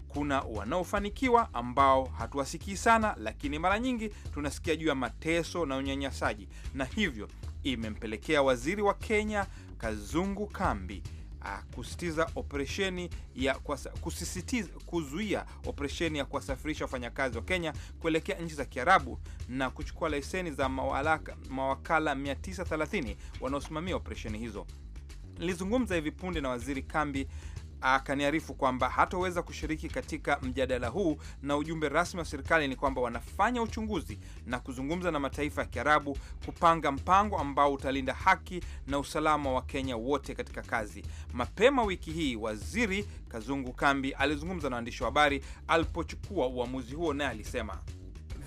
kuna wanaofanikiwa ambao hatuwasikii sana, lakini mara nyingi tunasikia juu ya mateso na unyanyasaji, na hivyo imempelekea waziri wa Kenya Kazungu Kambi Ah, kusisitiza operesheni ya kusisitiza kuzuia operesheni ya kuwasafirisha wafanyakazi wa Kenya kuelekea nchi za Kiarabu na kuchukua leseni za mawalaka, mawakala 930 wanaosimamia operesheni hizo. Nilizungumza hivi punde na Waziri Kambi akaniarifu kwamba hatoweza kushiriki katika mjadala huu, na ujumbe rasmi wa serikali ni kwamba wanafanya uchunguzi na kuzungumza na mataifa ya Kiarabu kupanga mpango ambao utalinda haki na usalama wa Kenya wote katika kazi. Mapema wiki hii Waziri Kazungu Kambi alizungumza na waandishi wa habari alipochukua uamuzi huo, naye alisema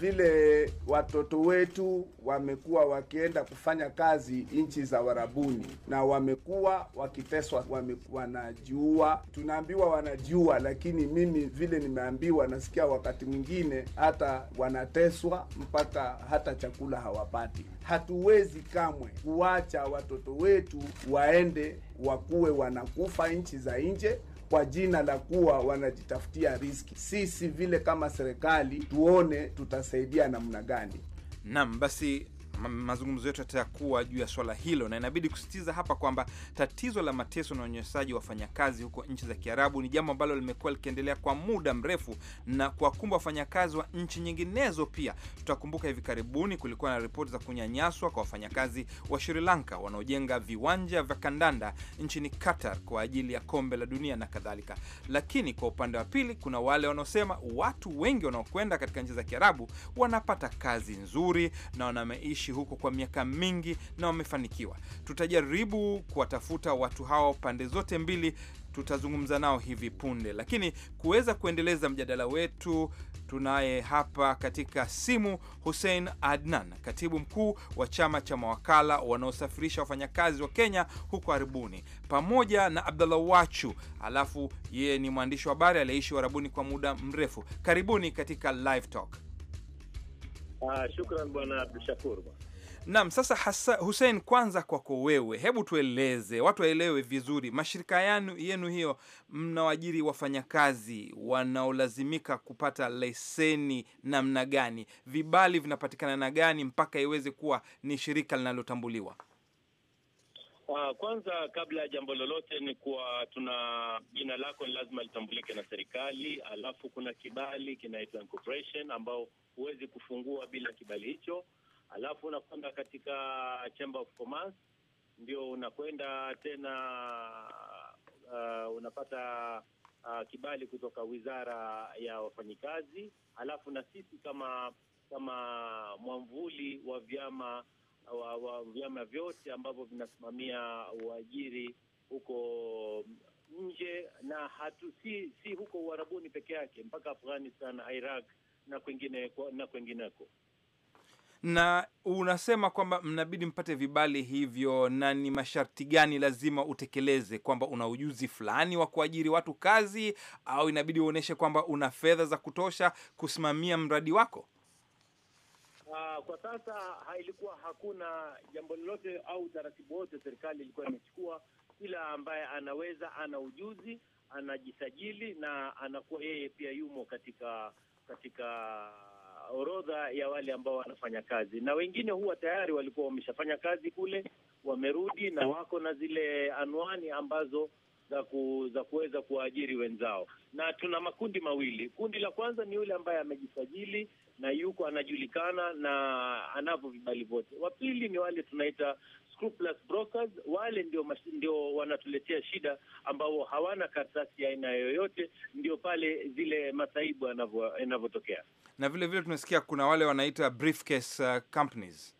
vile watoto wetu wamekuwa wakienda kufanya kazi nchi za warabuni na wamekuwa wakiteswa, wanajua Tunaambiwa wanajua lakini mimi vile nimeambiwa, nasikia wakati mwingine hata wanateswa mpaka hata chakula hawapati. Hatuwezi kamwe kuwacha watoto wetu waende wakuwe wanakufa nchi za nje kwa jina la kuwa wanajitafutia riski. Sisi vile kama serikali tuone tutasaidia namna gani. Naam, basi mazungumzo yetu yatakuwa juu ya swala hilo, na inabidi kusisitiza hapa kwamba tatizo la mateso na unyanyasaji wa wafanyakazi huko nchi za Kiarabu ni jambo ambalo limekuwa likiendelea kwa muda mrefu na kuwakumba wafanyakazi wa nchi nyinginezo pia. Tutakumbuka hivi karibuni kulikuwa na ripoti za kunyanyaswa kwa wafanyakazi wa Sri Lanka wanaojenga viwanja vya kandanda nchini Qatar kwa ajili ya kombe la dunia na kadhalika. Lakini kwa upande wa pili, kuna wale wanaosema watu wengi wanaokwenda katika nchi za Kiarabu wanapata kazi nzuri na wanameishi wanaishi huko kwa miaka mingi na wamefanikiwa. Tutajaribu kuwatafuta watu hao pande zote mbili, tutazungumza nao hivi punde. Lakini kuweza kuendeleza mjadala wetu, tunaye hapa katika simu Hussein Adnan, katibu mkuu wa chama cha mawakala wanaosafirisha wafanyakazi wa Kenya huko arabuni, pamoja na Abdallah Wachu, alafu yeye ni mwandishi wa habari aliyeishi Arabuni kwa muda mrefu. Karibuni katika Live Talk. Ah, shukran bwana Abdushakur. Naam, sasa hasa Hussein, kwanza kwako wewe, hebu tueleze watu waelewe vizuri, mashirika yanu yenu hiyo mnawajiri wafanyakazi wanaolazimika kupata leseni namna gani? Vibali vinapatikana na gani mpaka iweze kuwa ni shirika linalotambuliwa? Uh, kwanza kabla ya jambo lolote ni kuwa tuna jina lako ni lazima litambulike na serikali, alafu kuna kibali kinaitwa incorporation ambao huwezi kufungua bila kibali hicho, alafu unakwenda katika Chamber of Commerce, ndio unakwenda tena uh, unapata uh, kibali kutoka Wizara ya Wafanyikazi, alafu na sisi kama kama mwamvuli wa vyama wa, wa vyama vyote ambavyo vinasimamia uajiri huko nje na hatu si, si huko uharabuni peke yake mpaka Afghanistan, Iraq na kwingine na kwingineko. Na unasema kwamba mnabidi mpate vibali hivyo, na ni masharti gani lazima utekeleze? Kwamba una ujuzi fulani wa kuajiri watu kazi, au inabidi uoneshe kwamba una fedha za kutosha kusimamia mradi wako? Uh, kwa sasa hailikuwa hakuna jambo lolote au utaratibu wote serikali ilikuwa imechukua. Kila ambaye anaweza, ana ujuzi, anajisajili na anakuwa yeye pia yumo katika katika orodha ya wale ambao wanafanya kazi, na wengine huwa tayari walikuwa wameshafanya kazi kule, wamerudi na wako na zile anwani ambazo za ku, za kuweza kuwaajiri wenzao, na tuna makundi mawili. Kundi la kwanza ni yule ambaye amejisajili na yuko anajulikana na anavyo vibali vyote. Wa pili ni wale tunaita Scrupulous brokers, wale ndio, ndio wanatuletea shida ambao hawana karatasi ya aina yoyote, ndio pale zile masaibu yanavyotokea. Na vile vile tunasikia kuna wale wanaita briefcase uh, companies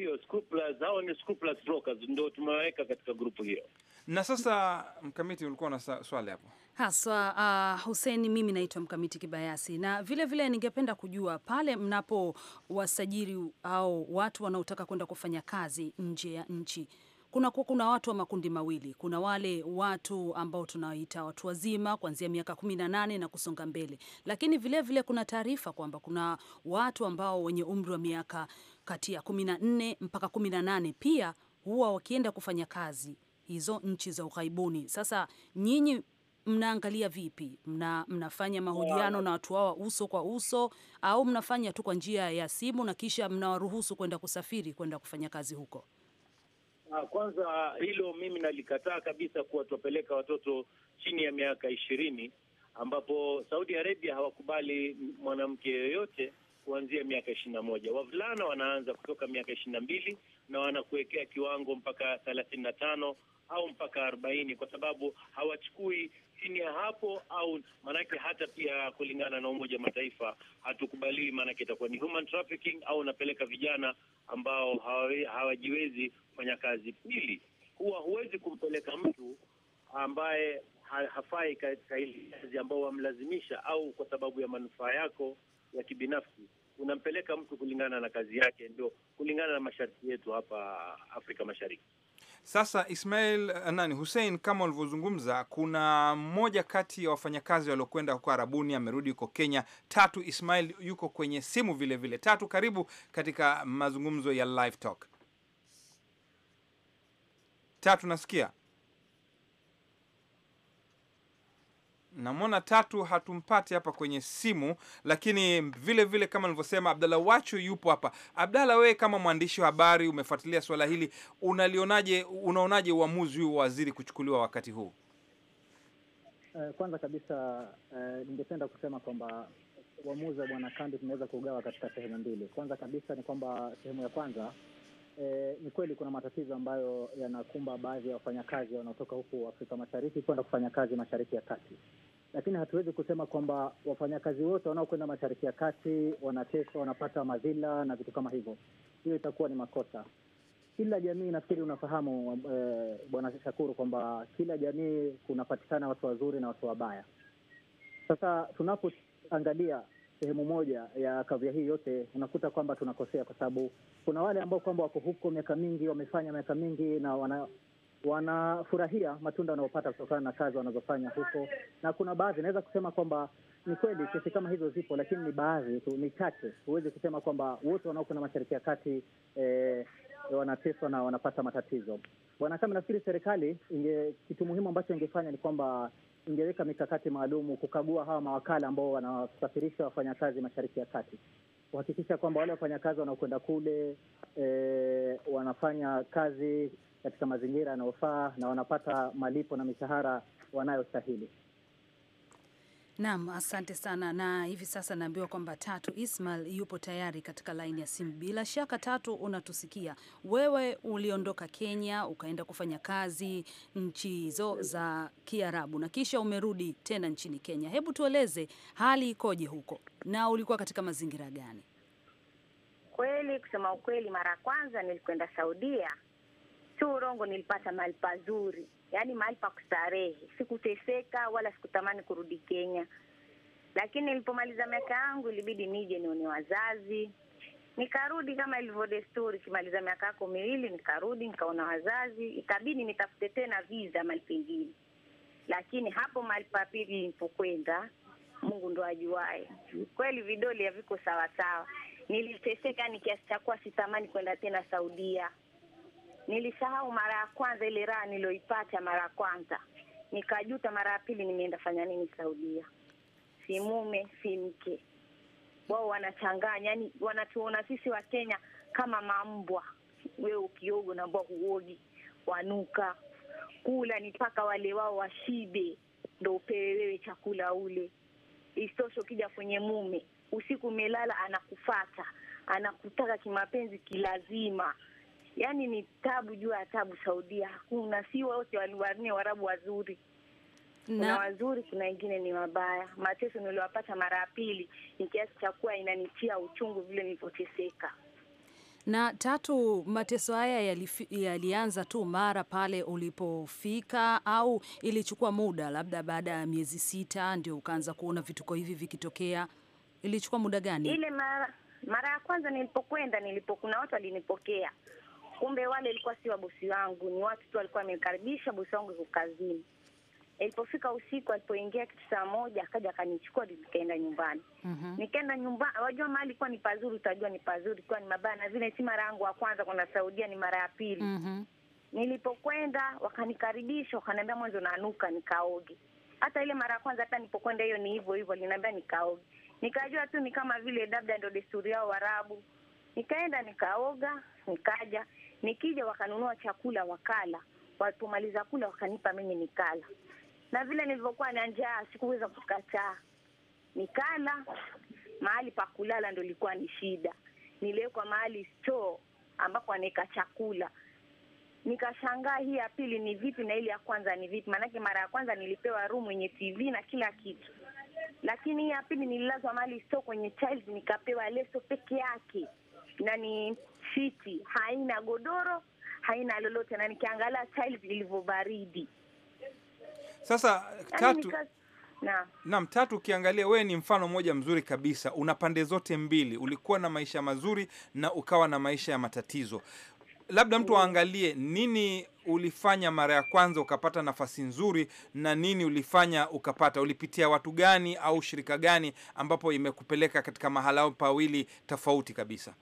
hiyo Scooplas, hao ni Scooplas brokers ndio tumeweka katika grupu hiyo. Na sasa mkamiti, ulikuwa na swali hapo haswa. Uh, Hussein, mimi naitwa mkamiti Kibayasi, na vile vile ningependa kujua pale mnapo wasajili au watu wanaotaka kwenda kufanya kazi nje ya nchi kuna, kuna watu wa makundi mawili. Kuna wale watu ambao tunawaita watu wazima kuanzia miaka kumi na nane na kusonga mbele, lakini vilevile vile kuna taarifa kwamba kuna watu ambao wenye umri wa miaka kati ya 14 mpaka 18 pia huwa wakienda kufanya kazi hizo nchi za ughaibuni. Sasa nyinyi mnaangalia vipi? Mna, mnafanya mahojiano na watu hawa uso kwa uso au mnafanya tu kwa njia ya simu na kisha mnawaruhusu kwenda kusafiri kwenda kufanya kazi huko? Ah, kwanza hilo mimi nalikataa kabisa, kuwatopeleka watoto chini ya miaka ishirini ambapo Saudi Arabia hawakubali mwanamke yoyote kuanzia miaka ishirini na moja. Wavulana wanaanza kutoka miaka ishirini na mbili na wanakuwekea kiwango mpaka thelathini na tano au mpaka arobaini kwa sababu hawachukui chini ya hapo au maanake, hata pia kulingana na Umoja wa Mataifa hatukubaliwi, maanake itakuwa ni human trafficking au unapeleka vijana ambao hawajiwezi kufanya kazi. Pili, huwa huwezi kumpeleka mtu ambaye hafai katika ile kazi ambao wamlazimisha au kwa sababu ya manufaa yako ya kibinafsi unampeleka mtu kulingana na kazi yake, ndio kulingana na masharti yetu hapa Afrika Mashariki. Sasa Ismail eh, nani Hussein, kama ulivyozungumza, kuna mmoja kati ya wafanyakazi waliokwenda huko Arabuni amerudi huko Kenya. Tatu Ismail yuko kwenye simu vile vile. Tatu, karibu katika mazungumzo ya Live Talk. Tatu, nasikia namwona Tatu hatumpati hapa kwenye simu, lakini vile vile kama nilivyosema, Abdalla Wachu yupo hapa. Abdalla, wewe kama mwandishi wa habari umefuatilia swala hili, unalionaje? Unaonaje uamuzi huu wa waziri kuchukuliwa wakati huu? Eh, kwanza kabisa eh, ningependa kusema kwamba uamuzi wa bwana Kandi tunaweza kugawa katika sehemu mbili. Kwanza kabisa ni kwamba sehemu ya kwanza E, ni kweli kuna matatizo ambayo yanakumba baadhi ya wafanyakazi wanaotoka huku Afrika Mashariki kwenda kufanya kazi Mashariki ya Kati, lakini hatuwezi kusema kwamba wafanyakazi wote wanaokwenda Mashariki ya Kati wanateswa, wanapata madhila na vitu kama hivyo. Hiyo itakuwa ni makosa. Kila jamii, nafikiri unafahamu eh, Bwana Shakuru, kwamba kila jamii kunapatikana watu wazuri na watu wabaya. Sasa tunapoangalia sehemu moja ya kavya hii yote, unakuta kwamba tunakosea, kwa sababu kuna wale ambao kwamba wako huko miaka mingi, wamefanya miaka mingi na wana wanafurahia matunda wanaopata kutokana na kazi wanazofanya huko, na kuna baadhi naweza kusema kwamba ni kweli kesi kama hizo zipo, lakini ni baadhi tu, ni chache. Huwezi kusema kwamba wote na Mashariki ya Kati eh, wanateswa na wanapata matatizo. Bwana Kami, nafikiri serikali inge, kitu muhimu ambacho ingefanya ni kwamba ingeweka mikakati maalumu kukagua hawa mawakala ambao wanasafirisha wafanyakazi Mashariki ya Kati, kuhakikisha kwamba wale wafanyakazi wanaokwenda kule eh, wanafanya kazi katika mazingira yanayofaa na wanapata malipo na mishahara wanayostahili. Naam, asante sana. Na hivi sasa naambiwa kwamba Tatu Ismail yupo tayari katika laini ya simu. Bila shaka, Tatu, unatusikia wewe. Uliondoka Kenya ukaenda kufanya kazi nchi hizo za Kiarabu na kisha umerudi tena nchini Kenya. Hebu tueleze hali ikoje huko na ulikuwa katika mazingira gani? Kweli, kusema ukweli, mara ya kwanza nilikwenda Saudia sio urongo nilipata mahali pazuri, yaani mahali pa kustarehe, sikuteseka wala sikutamani kurudi Kenya. Lakini nilipomaliza miaka yangu ilibidi nije nione wazazi, nikarudi kama ilivyo desturi. Kimaliza miaka yako miwili, nikarudi nikaona wazazi, ikabidi nitafute tena visa mahali pengine. Lakini hapo mahali pa pili nilipokwenda, Mungu ndo ajuae, kweli vidole haviko sawasawa. Niliteseka ni kiasi cha kuwa sitamani kwenda tena Saudia. Nilisahau mara ya kwanza ile raha niloipata mara ya kwanza, nikajuta mara ya pili. Nimeenda fanya nini Saudia? Si mume si mke, wao wanachanganya, yani wanatuona sisi wa Kenya kama mambwa. Wewe ukiogo na mbwa huogi, wanuka kula ni mpaka wale wao washibe, ndo upewe wewe chakula ule. Isitoshe, ukija kwenye mume usiku umelala, anakufata anakutaka kimapenzi, kilazima yani ni tabu juu ya tabu. Saudia hakuna, si wote waliwanne warabu wazuri na kuna wazuri, kuna wengine ni mabaya Mateso niliwapata mara ya pili ni kiasi cha kuwa inanitia uchungu vile nilivyoteseka. Na tatu, mateso haya yalianza yalianza tu mara pale ulipofika au ilichukua muda, labda baada ya miezi sita ndio ukaanza kuona vituko hivi vikitokea? Ilichukua muda gani ile mara mara ya kwanza nilipokwenda? Nilipo kuna watu walinipokea Kumbe wale walikuwa si wabosi wangu, ni watu tu walikuwa wamekaribisha bosi wangu yuko kazini. Ilipofika usiku, alipoingia kitu saa moja, akaja akanichukua, nikaenda nyumbani. mm -hmm. Nikaenda nyumbani, wajua mali kuwa ni pazuri, utajua ni pazuri, kuwa ni mabaya, na vile si mara yangu wa kwanza kwenda Saudia, ni mara ya pili. mm -hmm. Nilipokwenda wakanikaribisha, wakaniambia mwanzo nanuka, nikaoge. Hata ile mara ya kwanza hata nilipokwenda hiyo ni hivyo hivyo, linaambia nikaoge. Nikajua tu ni kama vile labda ndio desturi yao Warabu. Nikaenda nikaoga, nikaja Nikija wakanunua chakula wakala, walipomaliza kula wakanipa mimi nikala, na vile nilivyokuwa na njaa sikuweza kukataa, nikala. Mahali pa kulala ndo ilikuwa ni shida, niliwekwa mahali store ambapo anaweka chakula Nikashangaa hii ya pili ni vipi na ile ya kwanza ni vipi? Maanake mara ya kwanza nilipewa room yenye TV na kila kitu, lakini hii ya pili nililazwa mali sto kwenye child, nikapewa leso peke yake na ni haina godoro, haina lolote, na nikiangalia tile ilivyo baridi. Sasa tatu yaani na Tatu, ukiangalia wewe ni mfano mmoja mzuri kabisa, una pande zote mbili, ulikuwa na maisha mazuri na ukawa na maisha ya matatizo. Labda mtu aangalie nini ulifanya mara ya kwanza ukapata nafasi nzuri, na nini ulifanya ukapata, ulipitia watu gani au shirika gani ambapo imekupeleka katika mahala pawili tofauti kabisa?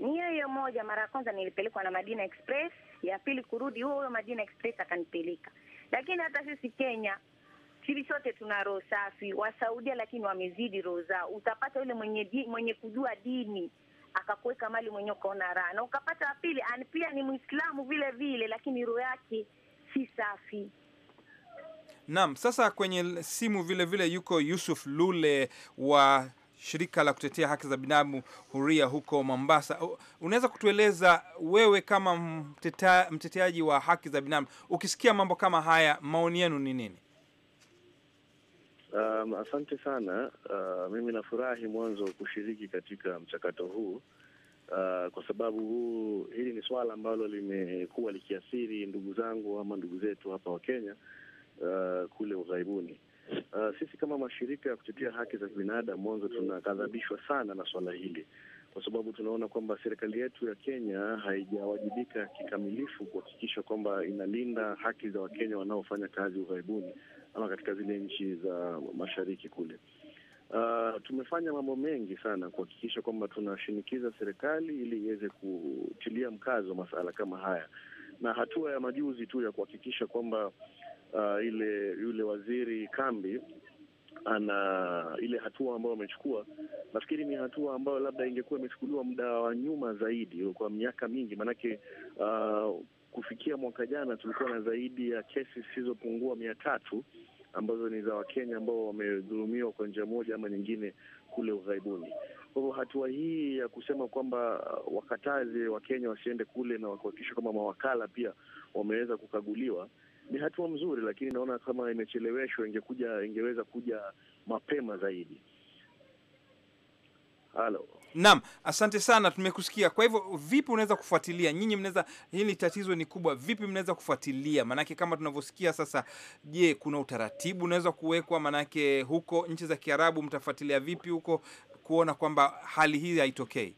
Niyo hiyo moja, mara ya kwanza nilipelekwa na Madina Express, ya pili kurudi huo huyo Madina Express akanipeleka. Lakini hata sisi Kenya sisi sote tuna roho safi, Wasaudia lakini wamezidi roho zao. Utapata yule mwenye di, mwenye kujua dini akakuweka mali mwenyewe ukaona raha, na ukapata wa pili pia ni Muislamu vile vile, lakini roho yake si safi. Naam, sasa kwenye simu vile vile yuko Yusuf Lule wa shirika la kutetea haki za binadamu huria huko Mombasa. Unaweza kutueleza wewe kama mteteaji wa haki za binadamu, ukisikia mambo kama haya maoni yenu ni nini? Um, asante sana. Uh, mimi nafurahi mwanzo kushiriki katika mchakato huu uh, kwa sababu huu hili ni swala ambalo limekuwa likiathiri ndugu zangu ama ndugu zetu hapa wa Kenya uh, kule ughaibuni Uh, sisi kama mashirika ya kutetea haki za kibinadamu mwanzo tunakadhabishwa sana na suala hili, kwa sababu tunaona kwamba serikali yetu ya Kenya haijawajibika kikamilifu kuhakikisha kwamba inalinda haki za Wakenya wanaofanya kazi ughaibuni ama katika zile nchi za mashariki kule. Uh, tumefanya mambo mengi sana kuhakikisha kwamba tunashinikiza serikali ili iweze kutilia mkazo masala kama haya, na hatua ya majuzi tu ya kuhakikisha kwamba uh, ile yule waziri Kambi ana ile hatua ambayo amechukua, nafikiri ni hatua ambayo labda ingekuwa imechukuliwa muda wa nyuma zaidi, kwa miaka mingi, maanake uh, kufikia mwaka jana tulikuwa na zaidi ya kesi zisizopungua mia tatu ambazo ni za Wakenya ambao wamedhulumiwa kwa njia moja ama nyingine kule ughaibuni. Kwa hivyo hatua hii ya kusema kwamba uh, wakataze Wakenya wasiende kule na kuhakikisha kwamba mawakala pia wameweza kukaguliwa ni hatua mzuri, lakini naona kama imecheleweshwa, ingekuja ingeweza kuja mapema zaidi. Halo. Naam, asante sana, tumekusikia. Kwa hivyo vipi unaweza kufuatilia nyinyi, mnaweza hili tatizo ni kubwa, vipi mnaweza kufuatilia? Maanake kama tunavyosikia sasa, je, kuna utaratibu unaweza kuwekwa? Maanake huko nchi za Kiarabu mtafuatilia vipi huko kuona kwamba hali hii haitokei?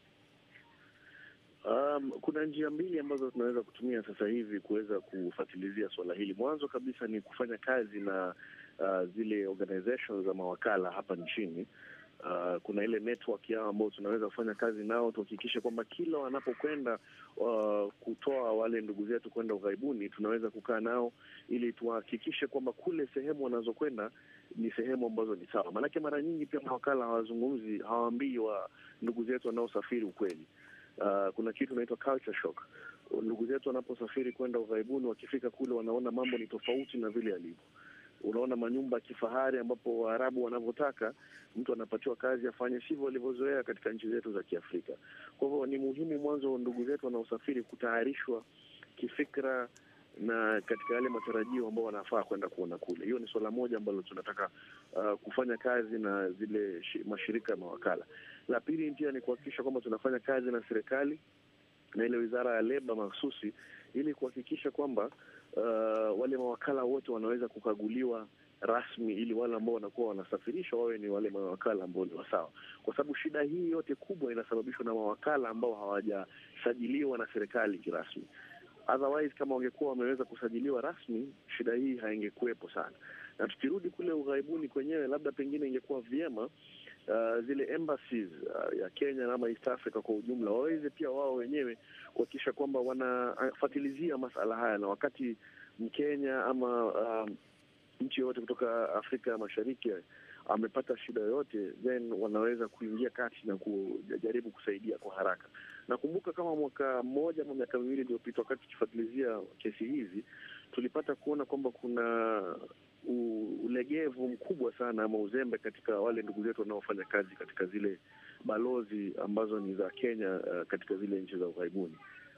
Um, kuna njia mbili ambazo tunaweza kutumia sasa hivi kuweza kufatilizia suala hili. Mwanzo kabisa ni kufanya kazi na uh, zile organizations za mawakala hapa nchini. Uh, kuna ile network yao ambao tunaweza kufanya kazi nao tuhakikishe kwamba kila wanapokwenda uh, kutoa wale ndugu zetu kwenda ughaibuni, tunaweza kukaa nao ili tuhakikishe kwamba kule sehemu wanazokwenda ni sehemu ambazo ni sawa. Maanake mara nyingi pia mawakala hawazungumzi, hawaambii wa ndugu zetu wanaosafiri ukweli. Uh, kuna kitu inaitwa culture shock. Ndugu zetu wanaposafiri kwenda ughaibuni, wakifika kule wanaona mambo ni tofauti na vile yalivyo. Unaona manyumba ya kifahari ambapo Waarabu wanavyotaka, mtu anapatiwa kazi afanye sivyo walivyozoea katika nchi zetu za Kiafrika. Kwa hivyo ni muhimu mwanzo, ndugu zetu wanaosafiri kutayarishwa kifikra na katika yale matarajio ambao wanafaa kwenda kuona kule. Hiyo ni suala moja ambalo tunataka uh, kufanya kazi na zile mashirika ya mawakala la pili pia ni kuhakikisha kwamba tunafanya kazi na serikali na ile wizara ya leba mahususi ili kuhakikisha kwamba uh, wale mawakala wote wanaweza kukaguliwa rasmi ili wale ambao wanakuwa wanasafirishwa wawe ni wale mawakala ambao ni wasawa, kwa sababu shida hii yote kubwa inasababishwa na mawakala ambao hawajasajiliwa na serikali kirasmi. Otherwise, kama wangekuwa wameweza kusajiliwa rasmi, shida hii haingekuwepo sana. Na tukirudi kule ughaibuni kwenyewe, labda pengine ingekuwa vyema uh, zile embassies uh, ya Kenya ama East Africa kwa ujumla waweze pia wao wenyewe kuhakikisha kwamba wanafatilizia masala haya, na wakati Mkenya ama um, nchi yoyote kutoka Afrika ya Mashariki amepata shida yoyote, then wanaweza kuingia kati na kujaribu kusaidia kwa haraka. Nakumbuka kama mwaka mmoja ama miaka miwili iliyopita, wakati tukifuatilizia kesi hizi, tulipata kuona kwamba kuna ulegevu mkubwa sana ama uzembe katika wale ndugu zetu wanaofanya kazi katika zile balozi ambazo ni za Kenya uh, katika zile nchi za ughaibuni.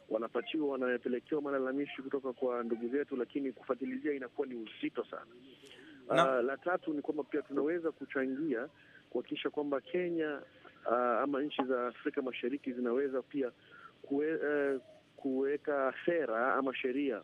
Wanapatiwa, wanapelekewa malalamishi kutoka kwa ndugu zetu, lakini kufuatilizia inakuwa ni uzito sana. Uh, la tatu ni kwamba pia tunaweza kuchangia kuhakikisha kwamba Kenya uh, ama nchi za Afrika Mashariki zinaweza pia eh, kuweka uh, sera ama sheria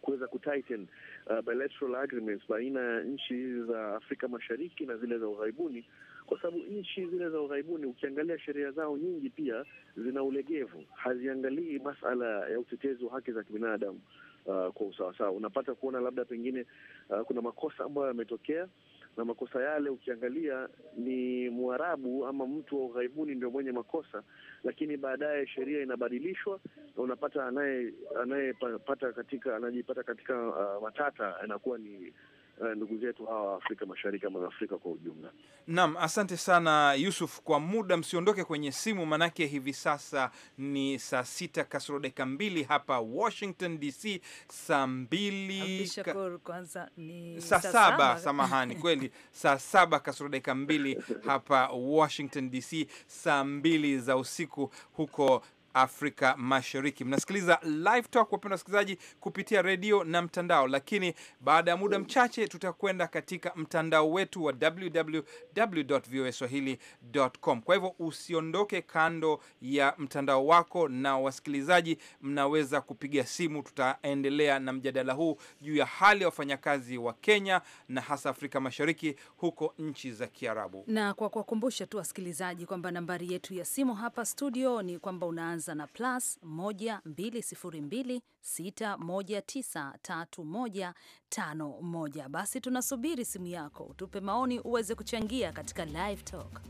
kuweza kutighten uh, bilateral agreements baina ya nchi za Afrika Mashariki na zile za ughaibuni, kwa sababu nchi zile za ughaibuni ukiangalia sheria zao nyingi pia zina ulegevu, haziangalii masala ya utetezi wa haki za kibinadamu uh, kwa usawasawa. Unapata kuona labda pengine uh, kuna makosa ambayo yametokea na makosa yale ukiangalia ni Mwarabu ama mtu wa ughaibuni ndio mwenye makosa, lakini baadaye sheria inabadilishwa na unapata anayepata katika anajipata katika uh, matata anakuwa ni uh, ndugu zetu hawa Afrika Mashariki ama Afrika kwa ujumla. Naam, asante sana Yusuf. Kwa muda msiondoke kwenye simu, manake hivi sasa ni saa sita kasoro dakika mbili hapa Washington DC, saa mbili kwanza ni saa saba samahani, kweli saa saba kasoro dakika mbili hapa Washington DC, saa mbili za usiku huko Afrika Mashariki. Mnasikiliza Live Talk, wapenda wasikilizaji, kupitia redio na mtandao, lakini baada ya muda mchache tutakwenda katika mtandao wetu wa swahilicom. Kwa hivyo usiondoke kando ya mtandao wako, na wasikilizaji, mnaweza kupiga simu. Tutaendelea na mjadala huu juu ya hali ya wafanyakazi wa Kenya na hasa Afrika Mashariki, huko nchi za Kiarabu. Na kwa kuwakumbusha tu wasikilizaji kwamba nambari yetu ya simu hapa studio ni kwamba unaanza Anza na plus 12026193151. Basi tunasubiri simu yako, utupe maoni uweze kuchangia katika live talk.